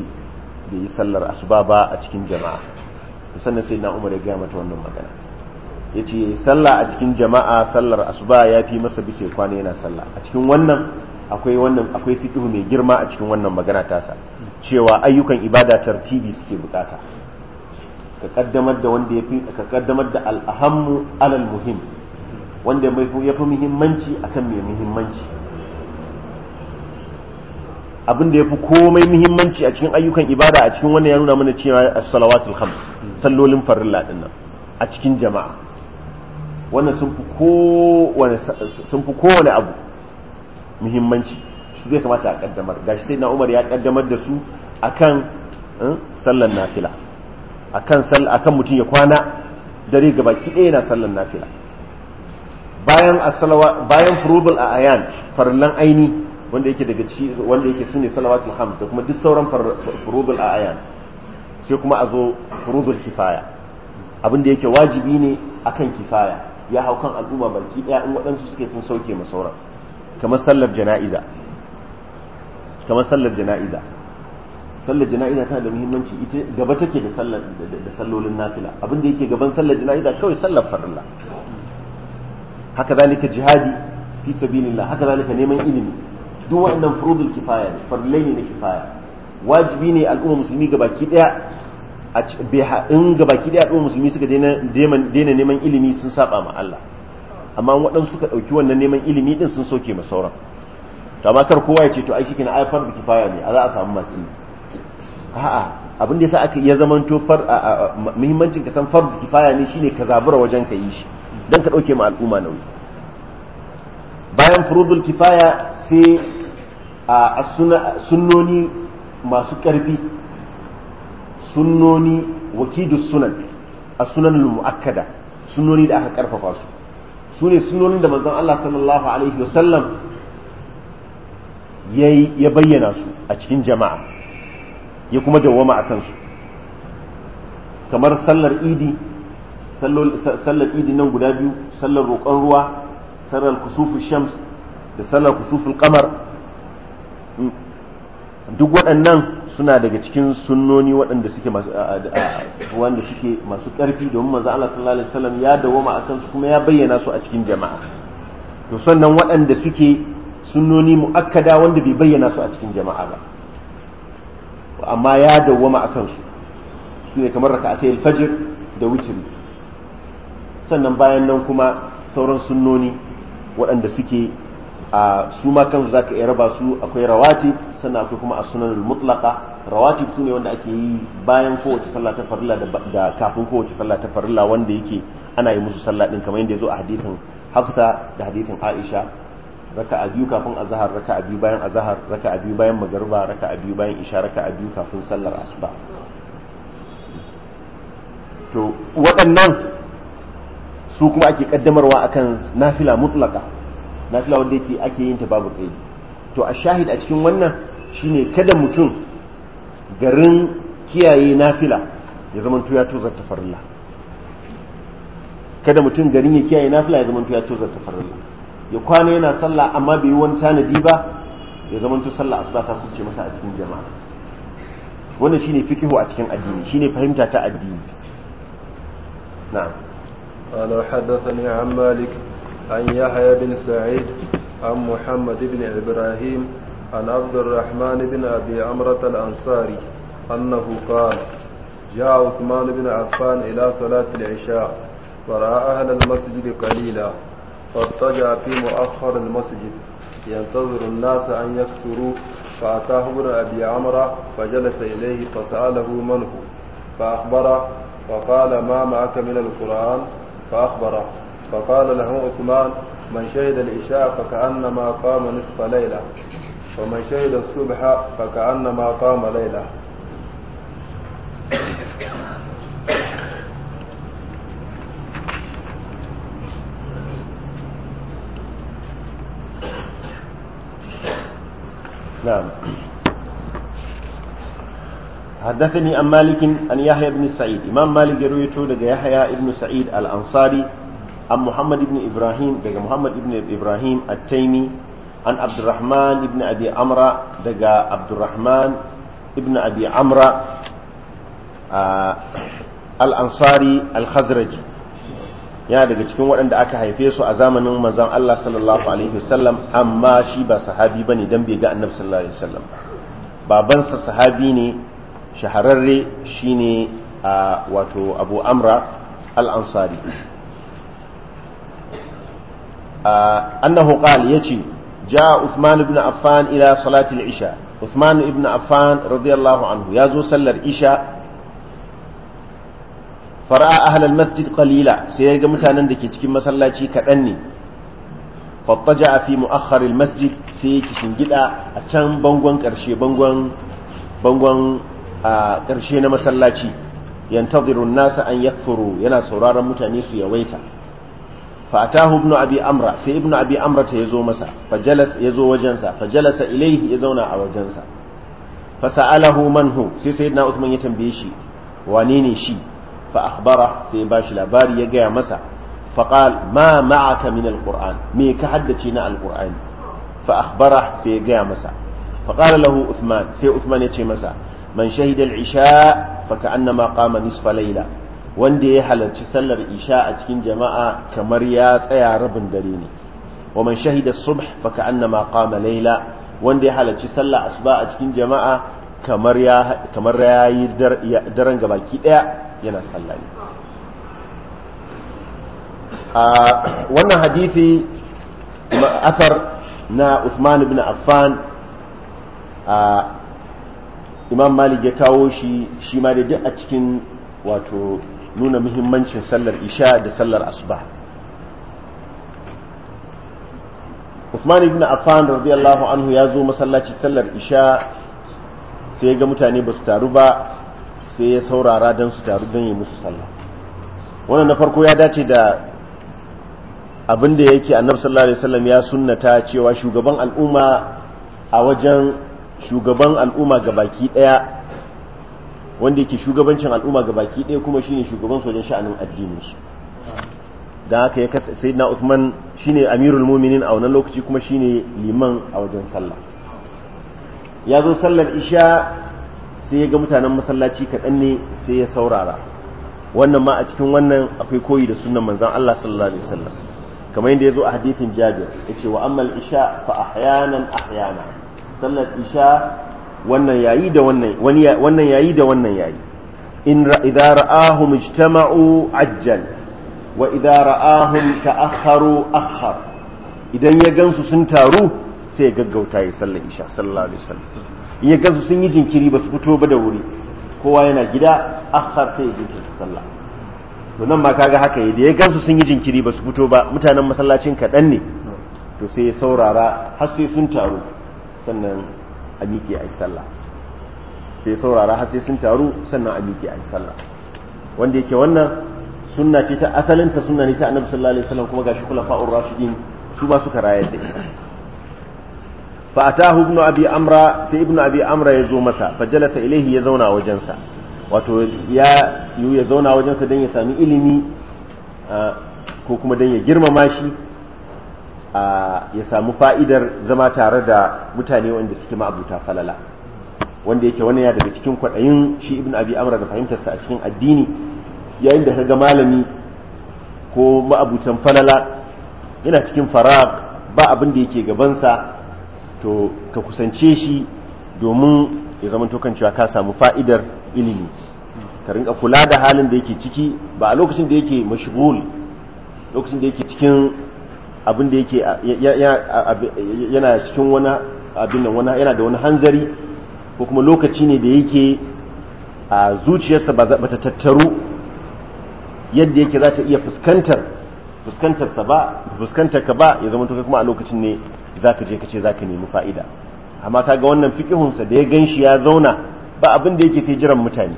da yi sallar asuba ba a cikin jama'a sannan sai na umar ya gaya mata wannan magana ya ce sallah a cikin jama'a sallar asuba ya fi masa bisa kwana yana sallah a cikin wannan akwai wannan akwai fiqh mai girma a cikin wannan magana tasa cewa ayyukan ibada tartibi suke bukata ka kaddamar da wanda yafi ka kaddamar da al-ahammu alal muhim wanda yafi muhimmanci akan mai muhimmanci abin da yafi komai muhimmanci a cikin ayyukan ibada a cikin wannan ya nuna mana cewa as-salawatul khams sallolin farilla nan a cikin jama'a wannan sun fi kowane abu muhimmanci su zai kamata a kaddamar gashi sai na umar ya kaddamar da su akan eh, sallan nafila akan kan mutum ya kwana dare gabaki ɗaya yana sallan nafila bayan furubul a ayan farlan aini wanda yake daga ci wanda yake sune salawatul hamd da kuma duk sauran furubul a ayan sai kuma a zo furubul kifaya abin da yake wajibi ne akan kifaya ya hau kan al'umma baki ɗaya in waɗansu suke sun sauke masauran kamar sallar jana'iza kamar sallar jana'iza sallar jana'iza tana da muhimmanci ita gaba take da sallar da sallolin nafila abinda yake gaban sallar jana'iza kawai sallar farilla haka zalika jihadi fi sabilillah haka zalika neman ilimi duk wannan furudul kifaya ne farillai ne na kifaya wajibi ne al'umma musulmi gabaki daya a in gabaki daya al'umma musulmi suka daina neman ilimi sun saba ma Allah amma waɗansu suka ɗauki wannan neman ilimi ɗin sun soke ma sauran to ma kar kowa ya ce to ai shi kina ai fardu kifaya ne a za a samu masu yi a'a abin da yasa aka ya zamanto far muhimmancin ka san fardu kifaya ne shine ka zabura wajen ka yi shi dan ka ɗauke ma al'umma nauyi bayan furudul kifaya sai a sunnoni masu karfi sunnoni wakidus sunan as-sunan al-mu'akkada sunnoni da aka karfafa su su ne sunonin da manzon Allah sallallahu alaihi wasallam ya bayyana su a cikin jama'a ya kuma dawwama a kansu kamar sallar idi sallar idi nan guda biyu sallar roƙon ruwa sallar kusufu shams da sallar kusufin kamar duk waɗannan suna daga cikin sunnoni waɗanda suke masu wanda suke masu ƙarfi domin manzo Allah sallallahu alaihi wasallam ya dawoma akan su kuma ya bayyana su a cikin jama'a to sannan waɗanda suke sunnoni muakkada wanda bai bayyana su a cikin jama'a ba amma ya dawoma akan su su ne kamar raka'atay al-fajr da witri sannan bayan nan kuma sauran sunnoni waɗanda suke a su ma kan za zaka iya raba su akwai rawati sannan akwai kuma a sunan mutlaka rawati su ne wanda ake yi bayan kowace sallah ta farilla da kafin kowace sallah ta farilla wanda yake ana yi musu sallah din kamar yadda ya zo a hadisin Hafsa da hadisin Aisha raka a biyu kafin raka a biyu bayan raka a biyu bayan raka a biyu bayan isha raka a biyu kafin sallar asuba to waɗannan su kuma ake kaddamarwa akan nafila mutlaka na nafila wanda yake ake yin ta babu ɗaya to a shahid a cikin wannan shine kada mutum garin kiyaye nafila ya zama ya tozar ta farilla kada mutum garin ya kiyaye nafila ya zama ya tozar ta farilla ya kwana yana sallah amma bai yi wani tanadi ba ya zama tu sallah asuba ta kuce masa a cikin jama'a wannan shine fikihu a cikin addini shine fahimta ta addini na'am قال حدثني عن مالك عن يحيى بن سعيد عن محمد بن إبراهيم عن عبد الرحمن بن أبي عمرة الأنصاري أنه قال جاء عثمان بن عفان إلى صلاة العشاء فراى أهل المسجد قليلا فاضطجع في مؤخر المسجد ينتظر الناس أن يكثروا فأتاه ابن أبي عمرة فجلس إليه فسأله من هو فأخبره فقال ما معك من القرآن فأخبره فقال له عثمان من شهد العشاء فكأنما قام نصف ليلة ومن شهد الصبح فكأنما قام ليلة نعم حدثني عن مالك عن يحيى بن سعيد امام مالك رويته لدى يحيى بن سعيد الانصاري an muhammad ibn ibrahim daga muhammad ibn ibrahim at-taimi an abdurrahman ibn abi amra daga abdurrahman ibn abi amra al-ansari al-khazraji yana daga cikin waɗanda aka haife su a zamanin manzon ala sallallahu alaihi wasallam amma shi ba sahabi bane dan bai ga annabi sallallahu alaihi wasallam babansa sahabi ne shahararre shine wato Abu Amra al-Ansari annahu qala yace ja usman ibn Affan ila salati isha Uthman ibn Affan radiyallahu anhu ya zo sallar isha fara'a ahlal masjid qalila sai ya ga mutanen da ke cikin masallaci kaɗan ne fattaja fi mu'akhkhar masjid sai ya gida a can bangon karshe bangon bangon a karshe na masallaci yantaziru nasa an yakfuru yana sauraron mutane su yawaita fatahu bnu abi amra sai ibnu abi amra ta yazo masa ya zo wajensa fajalasa ilaihi ya zauna a wajensa fasa'alahu lahu hu sai sayyidina usman ya tambaye shi wane ne shi fa akhbara sai ba shi labari ya gaya masa faqal ma ma'aka min alquran me ka haddace na alqurani fa akhbara sai ya gaya masa faqala lahu usman sai usman ya ce masa man shahida al-isha fa ka'annama qama nisfa layla wanda ya halarci sallar isha a cikin jama'a kamar ya tsaya rabin dare ne wa man shahida subh fa annama qama layla wanda ya halarci sallar asuba a cikin jama'a kamar ya kamar yayi daren gabaki daya yana sallah a wannan hadisi athar na usman ibn Affan a Imam Malik ya kawo shi shi ma da duk a cikin wato nuna muhimmancin sallar isha da sallar asuba Usman ibn Affan radiyallahu anhu ya zo masallaci sallar isha sai ga mutane ba su taru ba sai ya saurara don su taru don yi musu sallah wannan na farko ya dace da abin da yake annabi sallallahu alaihi wasallam ya sunnata cewa shugaban al'umma a wajen shugaban al'umma ga baki daya wanda yake shugabancin al'umma ga baki ɗaya kuma shine shugaban sojan sha'anin addinin shi da aka ya kasa na Usman shine amirul mu'minin a wannan lokaci kuma shine liman a wajen sallah ya zo sallar isha sai ya ga mutanen masallaci kaɗan ne sai ya saurara wannan ma a cikin wannan akwai koyi da sunan manzan Allah sallallahu alaihi wasallam kamar yadda ya zo a hadithin Jabir ya wa ammal isha fa ahyanan ahyana sallar isha wannan yayi da wannan wannan yayi da wannan yayi in idza ra'ahu mujtama'u ajjal wa idza ra'ahu ta'akharu akhar idan ya gansu sun taru sai ya gaggauta ya sallar isha sallallahu alaihi wasallam ya gansu sun yi jinkiri ba su fito ba da wuri kowa yana gida akhar sai ya jinkirta sallah to nan ma kaga haka da ya gansu sun yi jinkiri ba su fito ba mutanen masallacin kaɗan ne to sai ya saurara har sai sun taru sannan a miƙe a yi sallah sai saurara har sai sun taru sannan a miƙe a yi sallah wanda yake wannan sunna ce ta asalinta sunna ne ta annabi sallallahu alaihi wasallam kuma gashi fa'ur rashidin su ba suka rayar da ita fa atahu ibnu abi amra sai ibnu abi amra ya zo masa fa jalasa ilaihi ya zauna wajensa wato ya yi ya zauna wajensa don ya sami ilimi ah, ko kuma don ya girmama shi ya samu fa'idar zama tare da mutane wanda suke ma'abuta falala wanda yake wani ya daga cikin kwaɗayin shi ibn abi amra da fahimtarsa a cikin addini yayin da ga malami ko ma'abutan falala yana cikin farag ba abin da yake gabansa to ka kusance shi domin ya zama tokan cewa ka samu fa'idar ilimi ka rinka kula da halin da yake ciki ba a lokacin da yake mashigul lokacin da yake cikin abin da yake yana cikin wani abin nan wani yana da wani hanzari ko kuma lokaci ne da yake a zuciyarsa ba ta tattaru yadda yake za ta iya fuskantar fuskantarsa ba fuskantar ka ba ya zama to kuma a lokacin ne za ka je ka ce za ka nemi fa'ida amma ga wannan fikihunsa da ya gan shi ya zauna ba abin da yake sai jiran mutane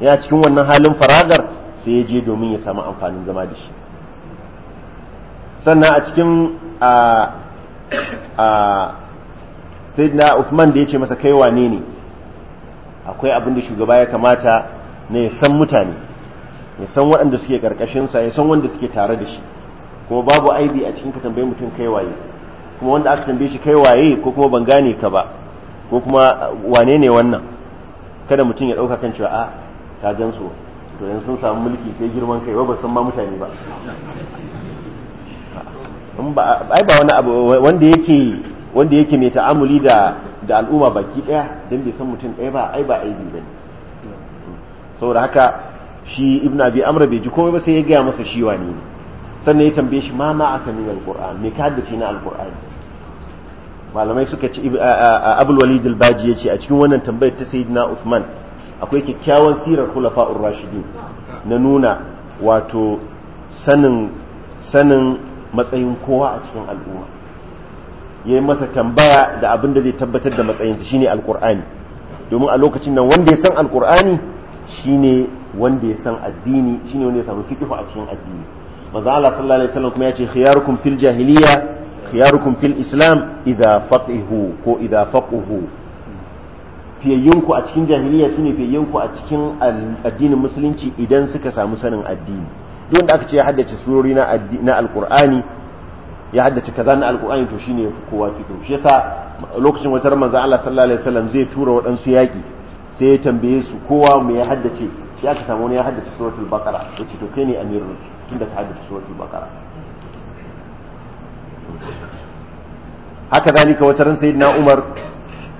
yana cikin wannan halin faragar sai ya je domin ya samu amfanin zama da shi sannan a cikin a usman da Uthman da ce masa kai wane ne akwai abin da shugaba ya kamata ne ya san mutane ya san waɗanda suke karkashin sa ya san wanda suke tare da shi kuma babu aibi a cikin ka tambayi mutum kai waye kuma wanda aka tambaye shi kai waye ko kuma ban gane ka ba ko kuma wane ne wannan kada mutum ya ɗauka kan cewa a ah, ka gan to yanzu sun samu mulki sai girman kai ba san ma mutane ba ai ba wani abu wanda yake wanda yake mai ta'amuli da da al'umma baki daya dan bai san mutum daya ba ai ba aibi bane saboda haka shi ibnu abi amra bai ji komai ba sai ya gaya masa shi wani ne sannan ya tambaye shi mama ma aka min alquran me ka dace na alquran malamai suka ci abul walid al-baji yace a cikin wannan tambayar ta sayyidina usman akwai kyakkyawan sirar ar rashidin na nuna wato sanin sanin matsayin kowa a cikin al'umma ya yi masa tambaya da abin da zai tabbatar da matsayinsa shine alkur'ani domin a lokacin nan wanda ya san alkur'ani shine wanda ya san addini shine wanda ya samu fiqh a cikin addini manzo Allah sallallahu alaihi wasallam kuma yace khiyarukum fil jahiliya khiyarukum fil islam idza faqihu ko idza faquhu fiyayyunku a cikin jahiliya fiyayyunku a cikin addinin musulunci idan suka samu sanin addini duk da aka ce ya haddace surori na na alqur'ani ya haddace kaza na alqur'ani to shine yafi kowa fito shi yasa lokacin wutar manzo Allah sallallahu alaihi wasallam zai tura waɗansu yaƙi sai ya tambaye su kowa me ya haddace shi aka samu wani ya haddace suratul baqara yace to kai ne amirul tunda ka haddace suratul baqara haka zalika wata ran sayyidina Umar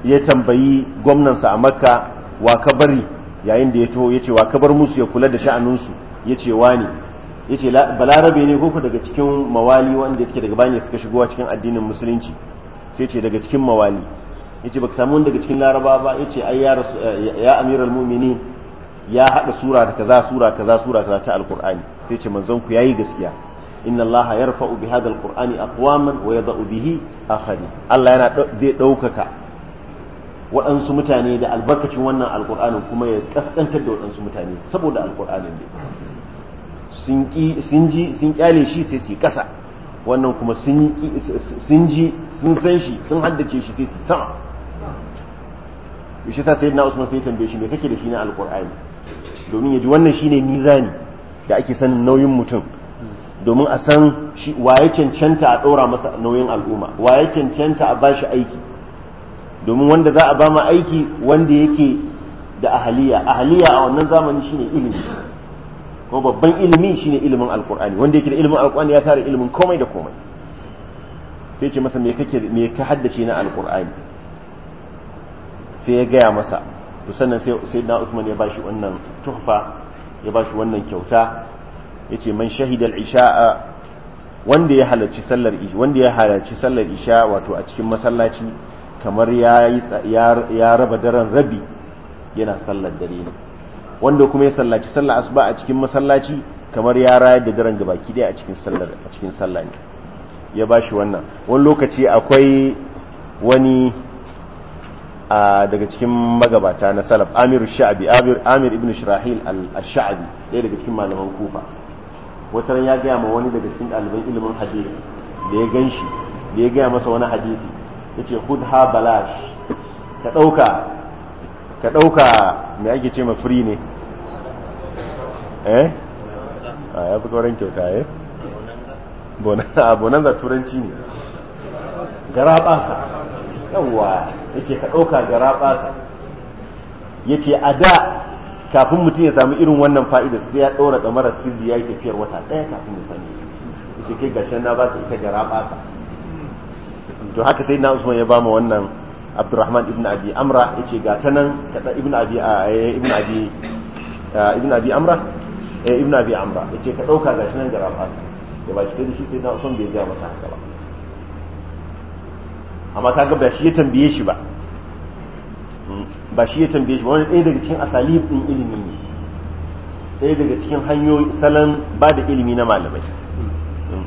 ya tambayi gwamnansa a Makka wa kabari yayin da ya ya ce wa kabar musu ya kula da sha'anunsu ya ce wa ne. yace balarabe ne koko daga cikin mawali wanda yake daga bani suka shigo cikin addinin musulunci sai ce daga cikin mawali yace baka samu daga cikin laraba ba yace ai ya ya amiral mu'minin ya hada sura da kaza sura kaza sura kaza ta alqur'ani sai ce manzon ku yayi gaskiya inna allaha yarfa'u bi hadha alqur'ani aqwaman wa yada'u bihi akhari Allah yana zai daukaka waɗansu mutane da albarkacin wannan alqur'anin kuma ya kaskantar da waɗansu mutane saboda alqur'anin ne sun ji kyale shi sai su kasa wannan kuma sun ji sun san shi sun haddace shi sai su sama shi ta sayyidina Usman sai tambaye shi mai kake da shi na alqur'ani domin yaji wannan shine mizani da ake san nauyin mutum domin a san shi ya cancanta a ɗora masa nauyin al'umma wa ya cancanta a bashi aiki domin wanda za a ba ma aiki wanda yake da ahaliya ahaliya a wannan zamani shine ilimi ko babban ilimi shine ilimin alkur'ani wanda yake da ilimin alkur'ani ya tare ilimin komai da komai sai ce masa me kake me ka haddace na alkur'ani sai ya gaya masa to sannan sai sayyidina Usman ya bashi wannan tuhfa ya bashi wannan kyauta yace man shahida al-isha'a wanda ya halarci sallar isha wanda ya halarci sallar isha wato a cikin masallaci kamar ya ya raba daren rabi yana sallar dare ne wanda kuma ya sallaci sallah asuba a cikin masallaci kamar ya rayar da daren gabaki dai a cikin sallar a cikin sallah ne ya bashi wannan wani lokaci akwai wani a daga cikin magabata na salaf Amir Sha'bi Amir ibn Shirahil al-Sha'bi ɗaya daga cikin malaman Kufa wata ya gaya ma wani daga cikin ɗaliban ilimin hadisi da ya ganshi da ya gaya masa wani hadisi yace hudha balash ka ɗauka ka ɗauka me ake ce ma free ne eh a ah, ya fi kauran kyauta eh bonanza ah, turanci ne gara basa yawwa yake ka ɗauka gara basa yace a da kafin mutum ya samu irin wannan fa'ida sai ya ɗaura ɗamarar sirri ya yi tafiyar wata ɗaya kafin ya sami ita kai gashin na ba ta ita gara basa to haka sai na usman ya ba mu wannan abdurrahman ibn abi amra ya ce ga ta nan ibn abi ah, eh, ibn abi ibn abi amra Eh, ya ibn bi amra yace ka dauka gashi nan ga fasa da ba shi da shi sai na son bai ga masa haka ba amma ga ba shi ya tambaye shi ba hmm. ba shi ya tambaye shi ba wani ɗaya daga cikin asalib din ilimi ne ɗaya daga cikin hanyoyi salon ba da ilimi na malamai hmm.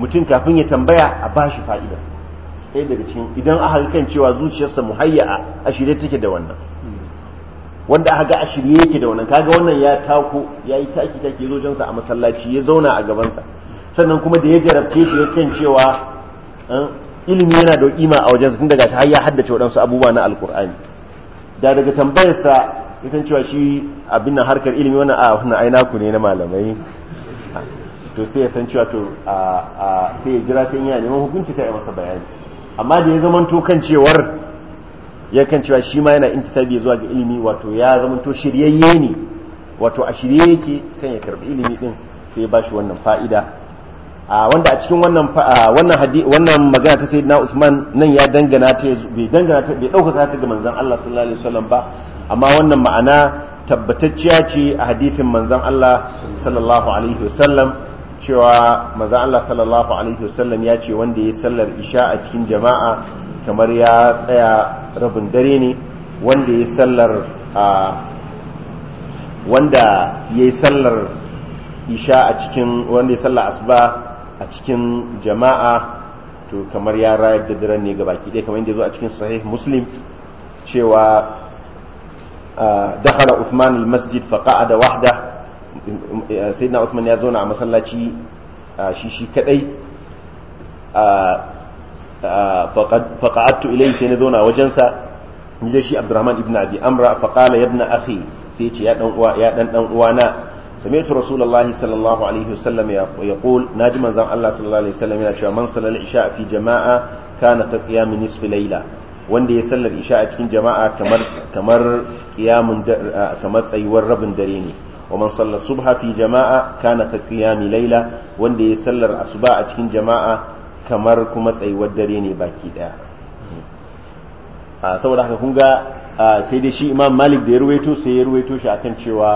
mutum kafin ya tambaya a ba shi fa'ida ɗaya daga cikin idan aka kan cewa zuciyarsa muhayya a shirye take da wannan wanda aka ga a shirye yake da wannan kaga wannan ya tako ya yi taki taki zo jinsa a masallaci ya zauna a gabansa sannan kuma da ya jarabce shi ya kan cewa eh, ilimi yana da kima a wajensa tun daga har ya haddace waɗansu abubuwa na alkur'ani da daga tambayarsa ya san cewa shi abin nan harkar ilimi wannan a wannan aina ku ne na malamai to sai ya san cewa to a sai ya jira sai ya neman hukunci sai ya masa bayani amma da ya to kan cewar yakan cewa shi ma yana intisabi zuwa ga ilimi wato ya zamanto shiryayye ne wato a shirye yake kan ya karbi ilimi din sai ba shi wannan fa'ida a wanda a cikin wannan wannan hadisi wannan magana ta sayyidina Usman nan ya dangana ta bai dangana ta bai dauka ta ga manzon Allah sallallahu alaihi wasallam ba amma wannan ma'ana tabbatacciya ce a hadisin manzon Allah sallallahu alaihi wasallam cewa manzon Allah sallallahu alaihi wasallam ya ce wanda ya sallar isha a cikin jama'a kamar ya tsaya rabin dare ne wanda ya sallar wanda ya sallar isha a cikin wanda ya sallar asuba a cikin jama'a to kamar ya rayar da daren ne gabaki ɗaya kamar yadda zo a cikin sahih muslim cewa dakhala usman al-masjid fa qa'ada wahda sayyidina usman ya zauna a masallaci shi shi kadai faqa'attu ilai sai na zauna a wajensa ni da shi Abdurrahman ibn Abi Amra faqala ya ibn akhi sai ce ya dan uwa ya dan dan uwana sami'tu Rasulullahi sallallahu alaihi wasallam yaqul naji manzon Allah sallallahu alaihi wasallam yana cewa man sallal isha fi jama'a kana ka qiyam nisfi layla wanda ya sallar isha a cikin jama'a kamar kamar qiyamun kamar tsayuwar rabin dare ne wa man salla subha fi jama'a kana ka qiyam wanda ya sallar asuba a cikin jama'a kamar kuma tsayuwar dare ne baki daya a saboda haka kun sai dai shi imam malik da ya ruwaito sai ya ruwaito shi akan cewa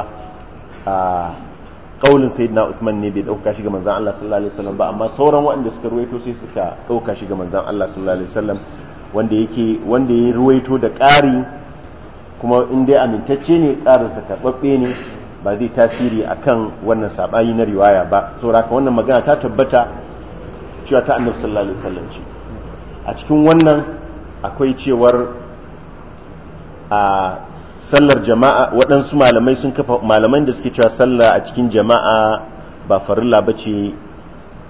kaulin sayyidina usman ne bai dauka shi ga manzon Allah sallallahu alaihi wasallam ba amma sauran waɗanda suka ruwaito sai suka dauka shi ga manzon Allah sallallahu alaihi wasallam wanda yake wanda ya ruwaito da ƙari kuma in dai amintacce ne ƙarin sa karbabbe ne ba zai tasiri akan wannan sabayi na riwaya ba saboda haka wannan magana ta tabbata cewa ta annabi sallallahu alaihi wasallam ce a cikin wannan akwai cewar a sallar jama'a waɗansu malamai sun kafa malaman da suke cewa sallah a cikin jama'a ba farilla bace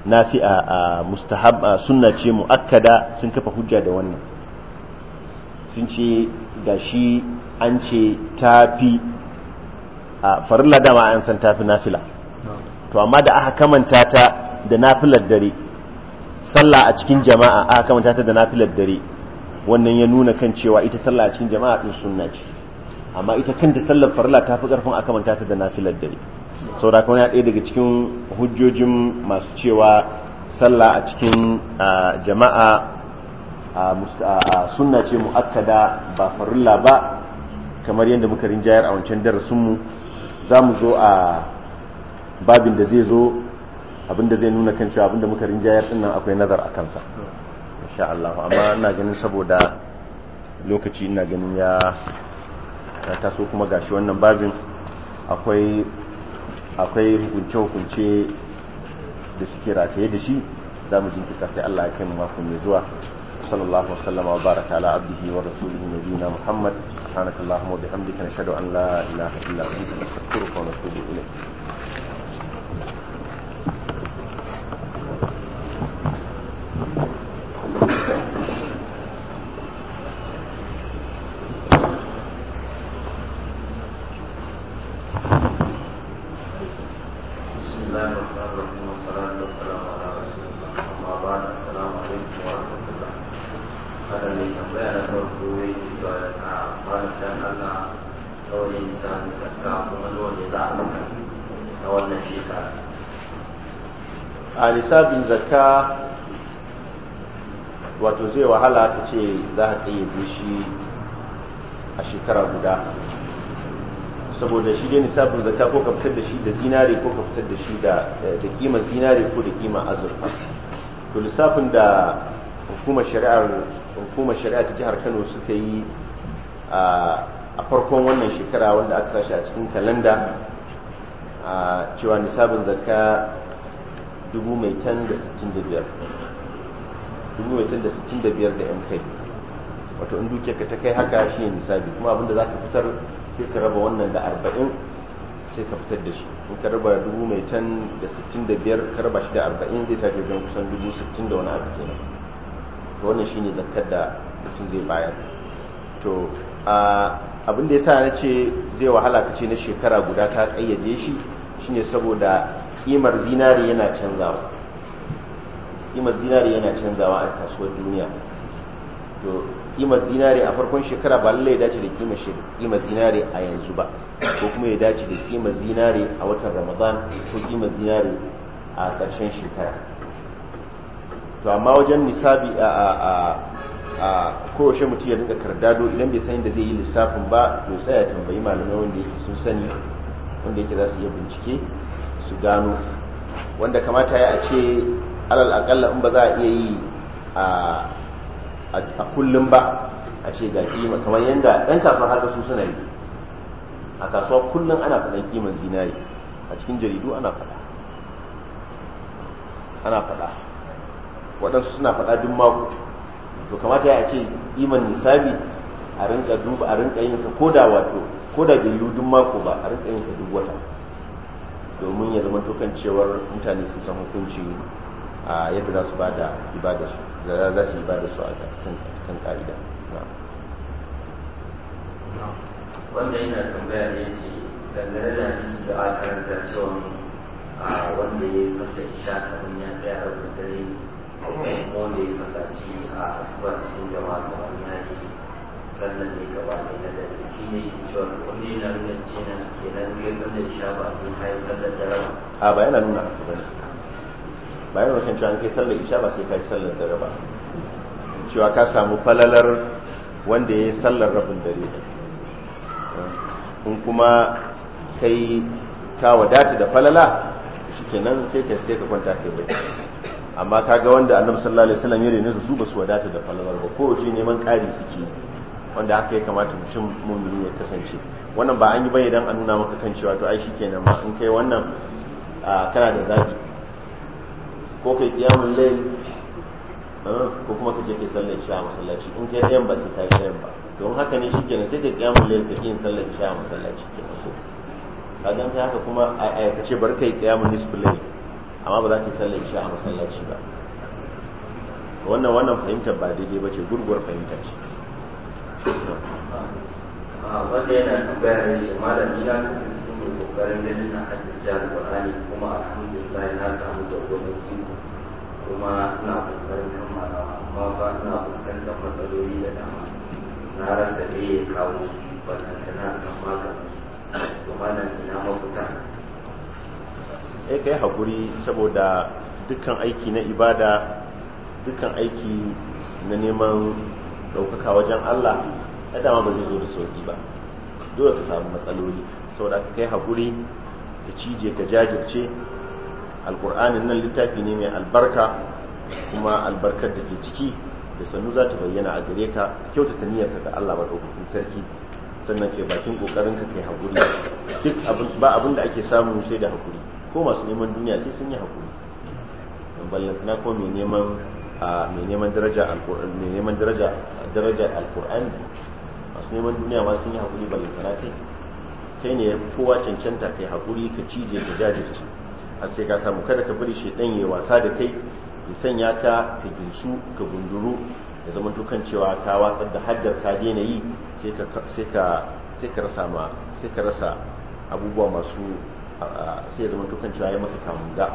nafi'a a mustahab sunna ce muakkada sun kafa hujja da wannan sun ce shi an ce tafi a farilla dama an san tafi nafila to amma da aka kamanta ta da nafilar dare sallah a cikin jama'a aka kamanta ta da nafilar dare wannan ya nuna kan cewa ita sallah a cikin jama'a din sunna ce amma ita kanta sallar farla ta fi karfin aka manta ta da nafilar dare saboda kuma ya ɗaya daga cikin hujjojin masu cewa sallah a cikin jama'a sunna ce mu'akkada ba farilla ba kamar yadda muka rinjayar a wancan darasinmu za mu zo a babin da zai zo abinda zai nuna kan cewa abinda muka rinjayar din nan akwai nazar a kansa insha Allah amma ina ganin saboda lokaci ina ganin ya ta taso kuma gashi wannan babin akwai akwai hukunce hukunce da suke rataye da shi za mu jinki ka sai Allah ya kai mu mafi mai zuwa sallallahu alaihi wasallam wa baraka ala abdihi wa rasulihi nabiyina muhammad subhanakallahumma wa bihamdika nashhadu an la ilaha illa anta astaghfiruka wa atubu ilaik lissafin zakka wato zai wahala ta ce za ka ƙayyade shi a shekara guda saboda shi dai lissafin zakka ko ka fitar da shi da zinare ko ka fitar da shi da kima zinare ko da kima azurfa to lissafin da hukumar shari'a ta jihar Kano suka yi a farkon wannan shekara wanda aka tashi a cikin kalanda cewa nisabin zakka dubu mai tan da sittin da biyar dubu mai tan da sittin da biyar da yan kai wato in duke ka ta kai haka shi ne nisabi kuma abinda za ka fitar sai ka raba wannan da arba'in sai ka fitar da shi in ka raba dubu mai tan da sittin da biyar ka raba shi da arba'in zai tafi don kusan dubu sittin da wani abu nan to wannan shi ne zakar da mutum zai bayar to abin da ya sa na ce zai wahala ka ce na shekara guda ta kayyade shi shine saboda kimar zinari yana canzawa kimar zinari yana canzawa a kasuwar duniya to kimar zinari a farkon shekara ba lallai ya dace da kimar kimar zinari a yanzu ba ko kuma ya dace da kimar zinari a watan ramadan ko kimar zinari a ƙarshen shekara to amma wajen nisabi a a a kowace mutum ya dinga kardado idan bai san da zai yi lissafin ba to tsaya tambayi malamai wanda yake sun sani wanda yake za su iya bincike su gano wanda kamata ya ce alal akalla in ba za a iya yi a kullum ba a ce ga kima kamar yadda ɗan kafin haka su suna yi a kasuwa kullum ana faɗan kimar zinari a cikin jaridu ana faɗa ana faɗa waɗansu suna faɗa duk mako to kamata ya ce iman nisabi a rinka duba a rinka yin sa wato koda bai yi duk mako ba a rinka yin sa duk wata domin ya zama tokan cewar mutane su san hukunci a yadda za su ba da ibada su da za su ibada su a kan ƙa'ida wanda yana tambaya ne ce dangane da hadisi da aka karanta cewa wanda ya yi sanda isha kamar ya tsaya a rukun dare wanda ya yi sanda ci a asuba cikin jama'a kamar ya yi sannan ne gaba da na da shi ne cewa wanda na nuna kenan kenan zai sallar isha ba sai ka yi sallar dare a ba yana nuna haka bane ba yana nuna cewa kai sallar isha ba sai ka yi sallar dare ba cewa ka samu falalar wanda ya yi sallar rabin dare kun kuma kai ka wadata da falala nan sai ka sai ka kwanta kai bai amma kaga wanda annabi sallallahu alaihi wasallam ya rene su ba su wadata da falalar ba ko shi neman kari suke wanda haka ya kamata mutum mumini ya kasance wannan ba an yi bai idan an nuna maka kan cewa to ai shikenan ma in kai wannan kana da zabi ko kai ƙiyamun layl ko kuma kaje kai sallar isha a masallaci in kai ɗayan ba sai yi ɗayan ba don haka ne shikenan sai kai qiyamul layl kai yin sallar isha a masallaci kenan ko kadan kai haka kuma ai kace bar kai ƙiyamun nisful layl amma ba za ka yi sallar isha a masallaci ba wannan wannan fahimtar ba daidai ba ce gurguwar fahimta ce Ah, wanda yana tambaya ne shi malami na kasance mai kokarin ganin na haddace alƙur'ani kuma alhamdulillah na samu da jagoran iko kuma ina kokarin kammala amma ba ina fuskantar matsaloli da dama na rasa me ya kawo su ballantana san maganin su to malam ina mafita eh kai hakuri saboda dukkan aiki na ibada dukkan aiki na neman ɗaukaka wajen Allah ya dama ba zai zo da sauki ba dole ka samu matsaloli saboda ka kai haƙuri ka cije ka jajirce alƙur'anin nan littafi ne mai albarka kuma albarkar da ke ciki da sannu za ta bayyana a gare ka kyautata niyyarka ga Allah maɗaukakin sarki sannan ke bakin ƙoƙarin ka kai haƙuri, duk ba abin da ake samu sai da haƙuri, ko masu neman duniya sai sun yi hakuri ballantana ko mai neman mai neman daraja mai neman daraja darajar alkur'ani masu neman duniya ma sun yi haƙuri ba lantana kai kai ne kowa cancanta kai haƙuri ka cije ka jajirce har sai ka samu kada ka bari shi ɗanye wasa da kai ya sanya ka ka ginsu ka gunduru ya zama tukan cewa ka watsar da hajjar ka daina yi sai ka rasa ma sai ka rasa abubuwa masu sai ya zama tukan cewa ya maka ga.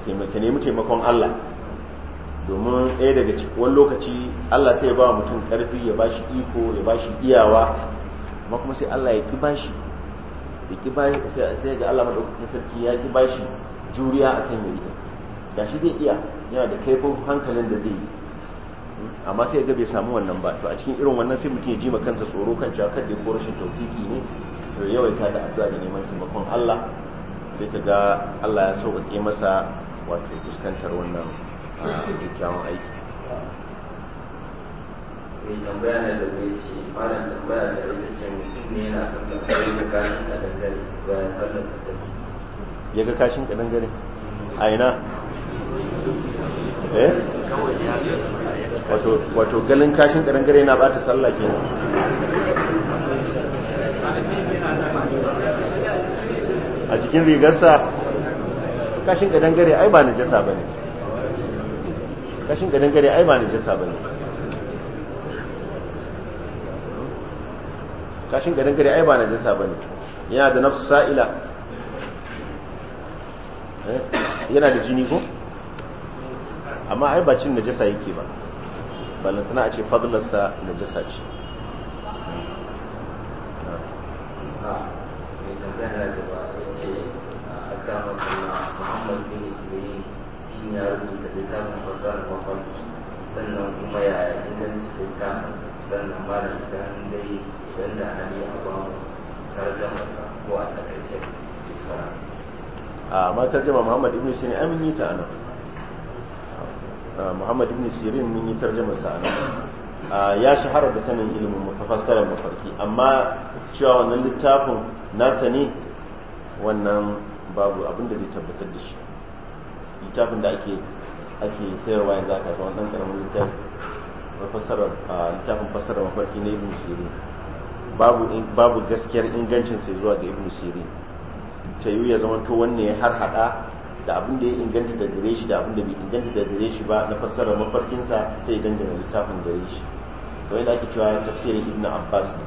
ka nemi taimakon Allah domin ɗaya daga cikin wani lokaci Allah sai ya ba mutum ƙarfi ya ba shi iko ya ba shi iyawa amma kuma sai Allah ya ki ba shi ya ki ba sai ga Allah maɗaukakin sarki ya ki ba shi juriya akan yari Ga shi zai iya yana da kaifin hankalin da zai yi amma sai ga bai samu wannan ba to a cikin irin wannan sai mutum ya ji ma kansa tsoro kan cewa kada ko rashin tauhidi ne to yawaita da addu'a da neman taimakon Allah sai ka ga Allah ya sauƙaƙe masa wato fuskantar wannan Ah, kyakkyawan aiki mai eh, tambaya na da ya ce malam tambaya da ita ce mutum ne yana sallar sai ga kashin kadangare bayan sallar sa ta ya ga kashin kadangare a ina eh wato wato galin kashin kadangare yana bata sallah kenan a cikin rigarsa kashin kadangare ai ba najasa bane kashin gadon gare ai ba najasa bane kashin gadon gare ai ba najasa bane yana da nafsu sa'ila eh, yana da jini ko amma ai ba cin najasa yake ba balan tana a ce fadlarsa najasa ce ah, ah, a Muhammad bin Ismail shin ya rubuta littafin fasahar mafarki sannan kuma ya inganci littafin sannan malam idan dai idan da hali a ba mu sa ko a takaice a ma tarjama muhammad ibn sirin an yi ta anan muhammad ibn shirin mun yi sa anan ya shahara da sanin ilimin mafassarar mafarki amma cewa wannan littafin nasa ne wannan babu abin da zai tabbatar da shi littafin da ake ake sayarwa yanzu aka ga wannan karamin littafin littafin fassarar mafarki na ibn sirin babu babu gaskiyar ingancin sai zuwa ga ibn sirin ta yiwu ya zama to wanne ya har hada da abin da ya inganta da gare shi da abin da bai inganta da gare shi ba na fassarar mafarkinsa sai dan dangana littafin gare shi to yadda ake cewa tafsirin ibn abbas ne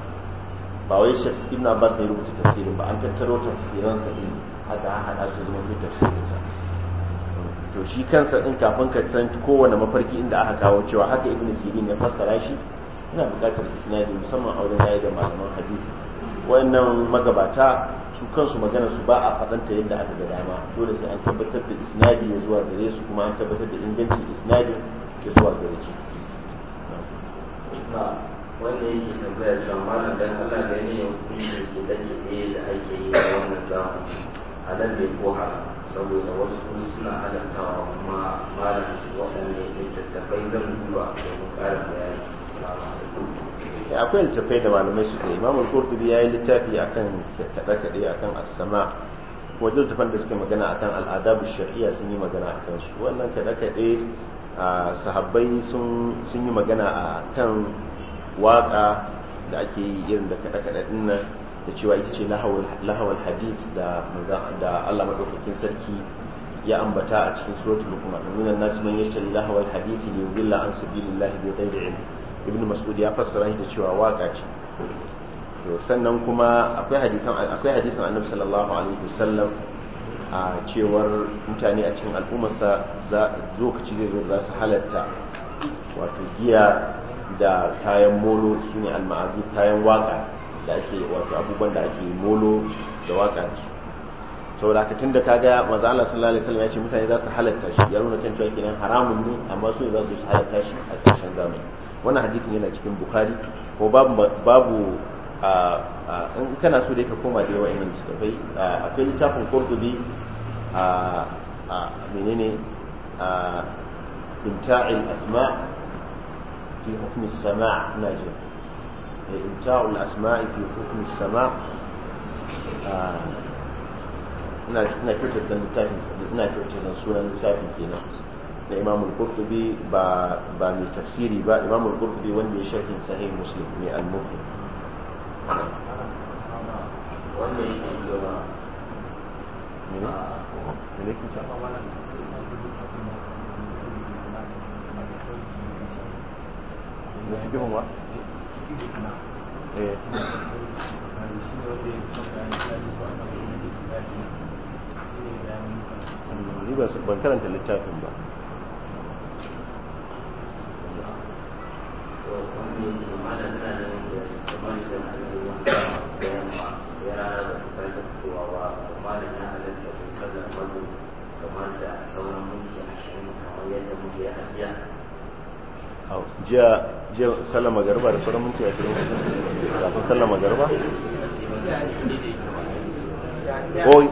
ba wai shi ibn abbas ne rubuta tafsirin ba an tattaro tafsiransa din haka hada su zama tafsirinsa to shi kansa in kafin ka san kowane mafarki inda aka kawo cewa haka ibn sirin ya fassara shi ina buƙatar isnadi musamman a wajen yayi da malaman hadisi wayannan magabata su kansu magana su ba a ta yadda aka ga dama dole sai an tabbatar da isnadi ya zuwa gare su kuma an tabbatar da ingancin isnadi ya zuwa gare shi wanda yake tambayar shan malam dan Allah da ne hukunci da take da ake yi a wannan zamanin halal ne ko haram saboda wasu suna wa kuma malam waɗanne littattafai zan duba mu ƙara bayani salamu alaikum eh, akwai littattafai da malamai suka yi imamul ya yi littafi a kan kaɗe kaɗe a kan asama wajen littafan da suke magana a al'ada al'adabu shari'a sun yi magana a kan su wannan kaɗe kaɗe sahabbai sun yi magana a kan waƙa da ake yi irin da kaɗe kaɗe ɗin nan da cewa ita ce lahawar hadith da Allah maɗaukakin sarki ya ambata a cikin suratul luqman minan nas man yashtari lahawal hadith li yudilla an sabilillahi bi ghairi ilm ibnu mas'ud ya fassara shi da cewa waka ce to sannan kuma akwai hadisan akwai hadisan annabi sallallahu alaihi wasallam a cewar mutane a cikin al'ummarsa za lokaci zai zo za su halatta wato giya da kayan molo shine al maazi kayan waka da ake wato abubuwan da ake molo da waka da su saboda ka tunda kaga manzo Allah sallallahu alaihi wasallam ya ce mutane za su halatta shi ya nuna kan cewa kenan haramun ne amma su za su halatta shi a ƙarshen zamani wannan hadisin yana cikin bukhari ko babu babu in kana so dai ka koma da wa'annan littafai akwai littafin qurtubi a menene a imta'il asma fi hukmi as na najib إمتاع الأسماء في حكم السماء ina kyautata littafin ina kyautata sunan littafin kenan na imam al-qurtubi ba ba mai tafsiri ba imam al-qurtubi wanda ya sharhin sahih muslim ne al-mufi wanda yake cewa ne ne ke cewa ne cikin wa Eh. ni ban karanta littafin ba kamar da sauran minti ashirin jiya jiya sallama garba da sauran minti a shirin kafin sallama garba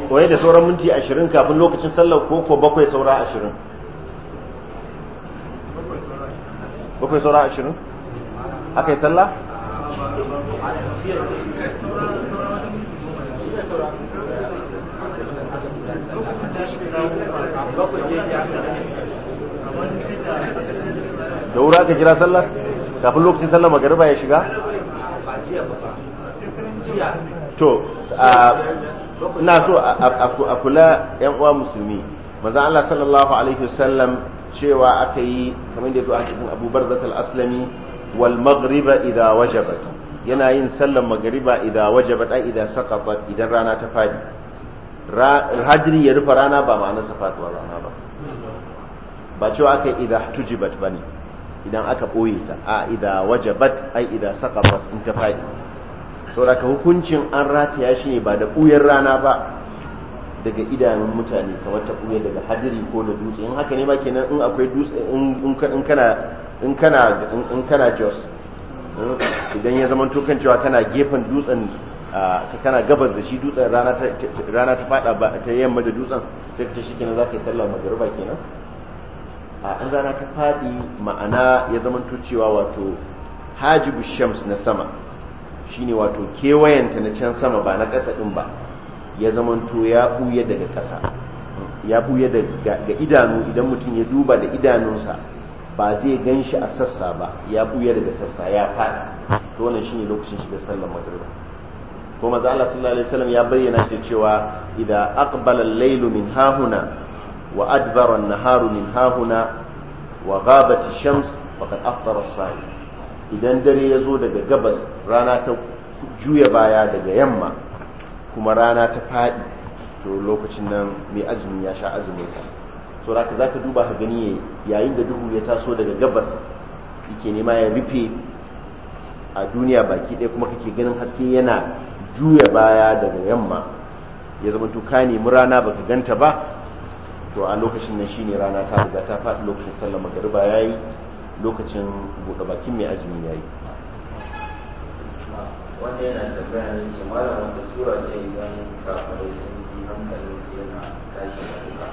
ko da sauran minti ashirin kafin lokacin sallar ko ko bakwai saura ashirin bakwai saura ashirin aka yi sallah bakwai da wura ka kira sallah kafin lokacin sallah magariba ya shiga to ina so a kula yan uwa musulmi Maza Allah sallallahu alaihi wasallam cewa aka yi kamar da ya zo cikin Abu Barzat al-Aslami wal maghriba idha wajabat yana yin sallar magariba idha wajabat ai idha idan rana ta fadi hajri ya rufe rana ba ma'anar sa faduwa rana ba ba cewa aka idha tujibat bane idan aka ɓoye ta a bat wajabat ai saka saqabat in ta faɗi fadi ka hukuncin an rataya shi ne ba da ɓuyar rana ba daga idanun mutane kamar ta ɓuya daga hadiri ko da dutse in haka ne ba kenan in akwai dutse in kana in kana in kana jos hmm, idan ya zama kan cewa kana gefen dutsen kana gabas da shi dutsen rana ta faɗa ba ta yamma da dutsen sai ka ce shi kenan za ka yi sallar magariba kenan a in zana ta faɗi ma'ana ya zamanto cewa wato hajibu shams na sama shine wato kewayenta na can sama ba na ƙasa ɗin ba ya zamanto ya ɓuya daga ƙasa ya ɓuya daga idanu idan mutum ya duba da idanunsa ba zai gan shi a sassa ba ya ɓuya daga sassa ya faɗi to wannan shine lokacin shiga sallar magriba ko manzo Allah sallallahu alaihi wasallam ya bayyana shi cewa idza aqbala al lailu min hahuna وأدبر النهار من هاهنا وغابت الشمس فقد أفطر الصائم إذا دري يزود جبس رانا juya baya daga yamma kuma rana ta faɗi to lokacin nan mai azumi ya sha azumin so da za ka duba ka gani yayin da duhu ya taso daga gabas yake nema ya rufe a duniya baki ɗaya kuma kake ganin haske yana juya baya daga yamma ya zama to ka nemi rana baka ganta ba to a lokacin nan shine rana ta riga ta faɗi lokacin sallar magariba yayi lokacin buɗe bakin mai azumi yayi wanda yana tafiya ne shi malam wata sura ce idan kafare sun yi hankalin su yana tashi da duka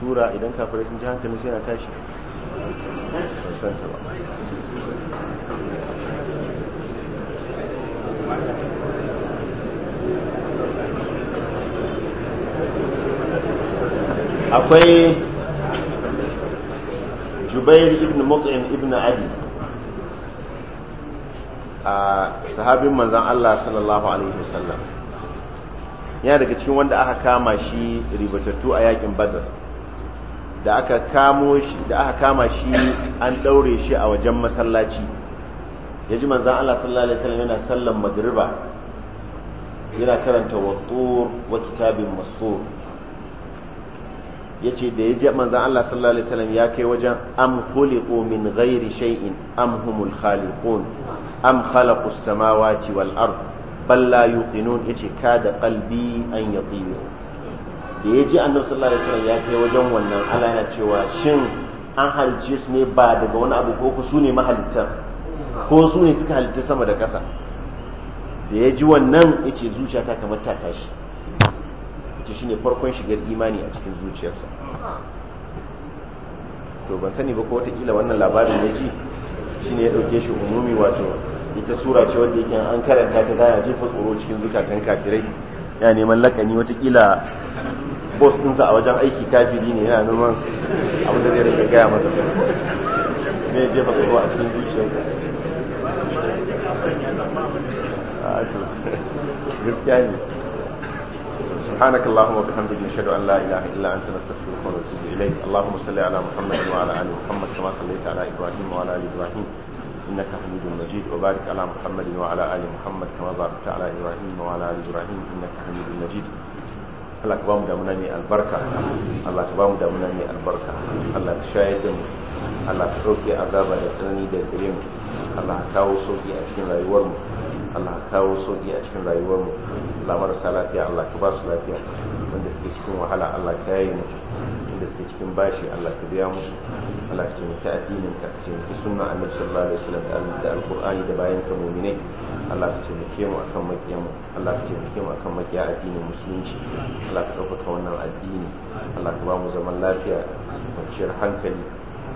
sura idan kafare sun ji hankalin su yana tashi Thank you. akwai jubair ibn mut'im ibn adi a sahabin manzan Allah sallallahu alaihi wasallam yana daga cikin wanda aka kama shi ribatattu a yakin badar da aka kamo shi da aka kama shi an daure shi a wajen masallaci Yaji ji manzan Allah sallallahu alaihi wasallam yana sallan magriba yana karanta wattur wa kitabin masur yace da yaji manzon Allah sallallahu alaihi wasallam ya kai wajen am khuliqu min ghairi shay'in am humul khaliqun am khalaqu samawati wal ard bal la yuqinun yace kada qalbi an yi da yaji annabi sallallahu alaihi wasallam ya kai wajen wannan Allah yana cewa shin an halice su ne ba daga wani abu ko su ne mahalittar ko su ne suka halitta sama da ƙasa da ya ji wannan ya ce zuciya ta kamar ta tashi shi ne farkon shigar imani a cikin zuciyarsa to ban sani ba ko watakila wannan labarin ya ji ne ya ɗauke shi umumi wato ita sura ce wanda yake an karanta ta zaya jefa tsoro cikin zukatan kafirai ya neman lakani watakila boss ɗinsa a wajen aiki kafiri ne yana neman abin da zai gaya masa ne jefa tsoro a cikin zuciyarsa ah, gaskiya ne سبحانك اللهم وبحمدك نشهد ان لا اله الا انت نستغفرك ونتوب اليك اللهم صل على محمد وعلى ال محمد كما صليت على ابراهيم وعلى ال ابراهيم انك حميد مجيد وبارك على محمد وعلى ال محمد كما باركت على ابراهيم وعلى ال ابراهيم انك حميد مجيد Allah ka ba mu damuna ne albarka Allah ka ba mu damuna ne albarka Allah ka shayar da mu Allah ka sauke azaba da tsanani da gare mu Allah ka kawo sauki a cikin rayuwar mu Allah ka kawo sauki a cikin rayuwar mu Allah marasa lafiya Allah ka ba su lafiya wanda suke cikin wahala Allah ka yi musu wanda suke cikin bashi Allah ka biya musu Allah ka taimaki addinin ka ka taimaki sunna annabi sallallahu alaihi wasallam da alqur'ani da bayan ka mu'minai Allah ka taimake mu akan makiyan mu Allah ka taimake mu akan makiya addinin musulunci Allah ka dauka wannan addini Allah ka ba mu zaman lafiya kwanciyar hankali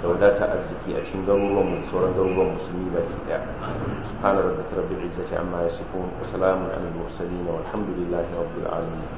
da wadata arziki a cikin garuruwan mu sauran garuruwan musulmi ba ke daya subhana rabbika rabbil izzati amma yasifun wa salamun alal mursalin walhamdulillahi rabbil alamin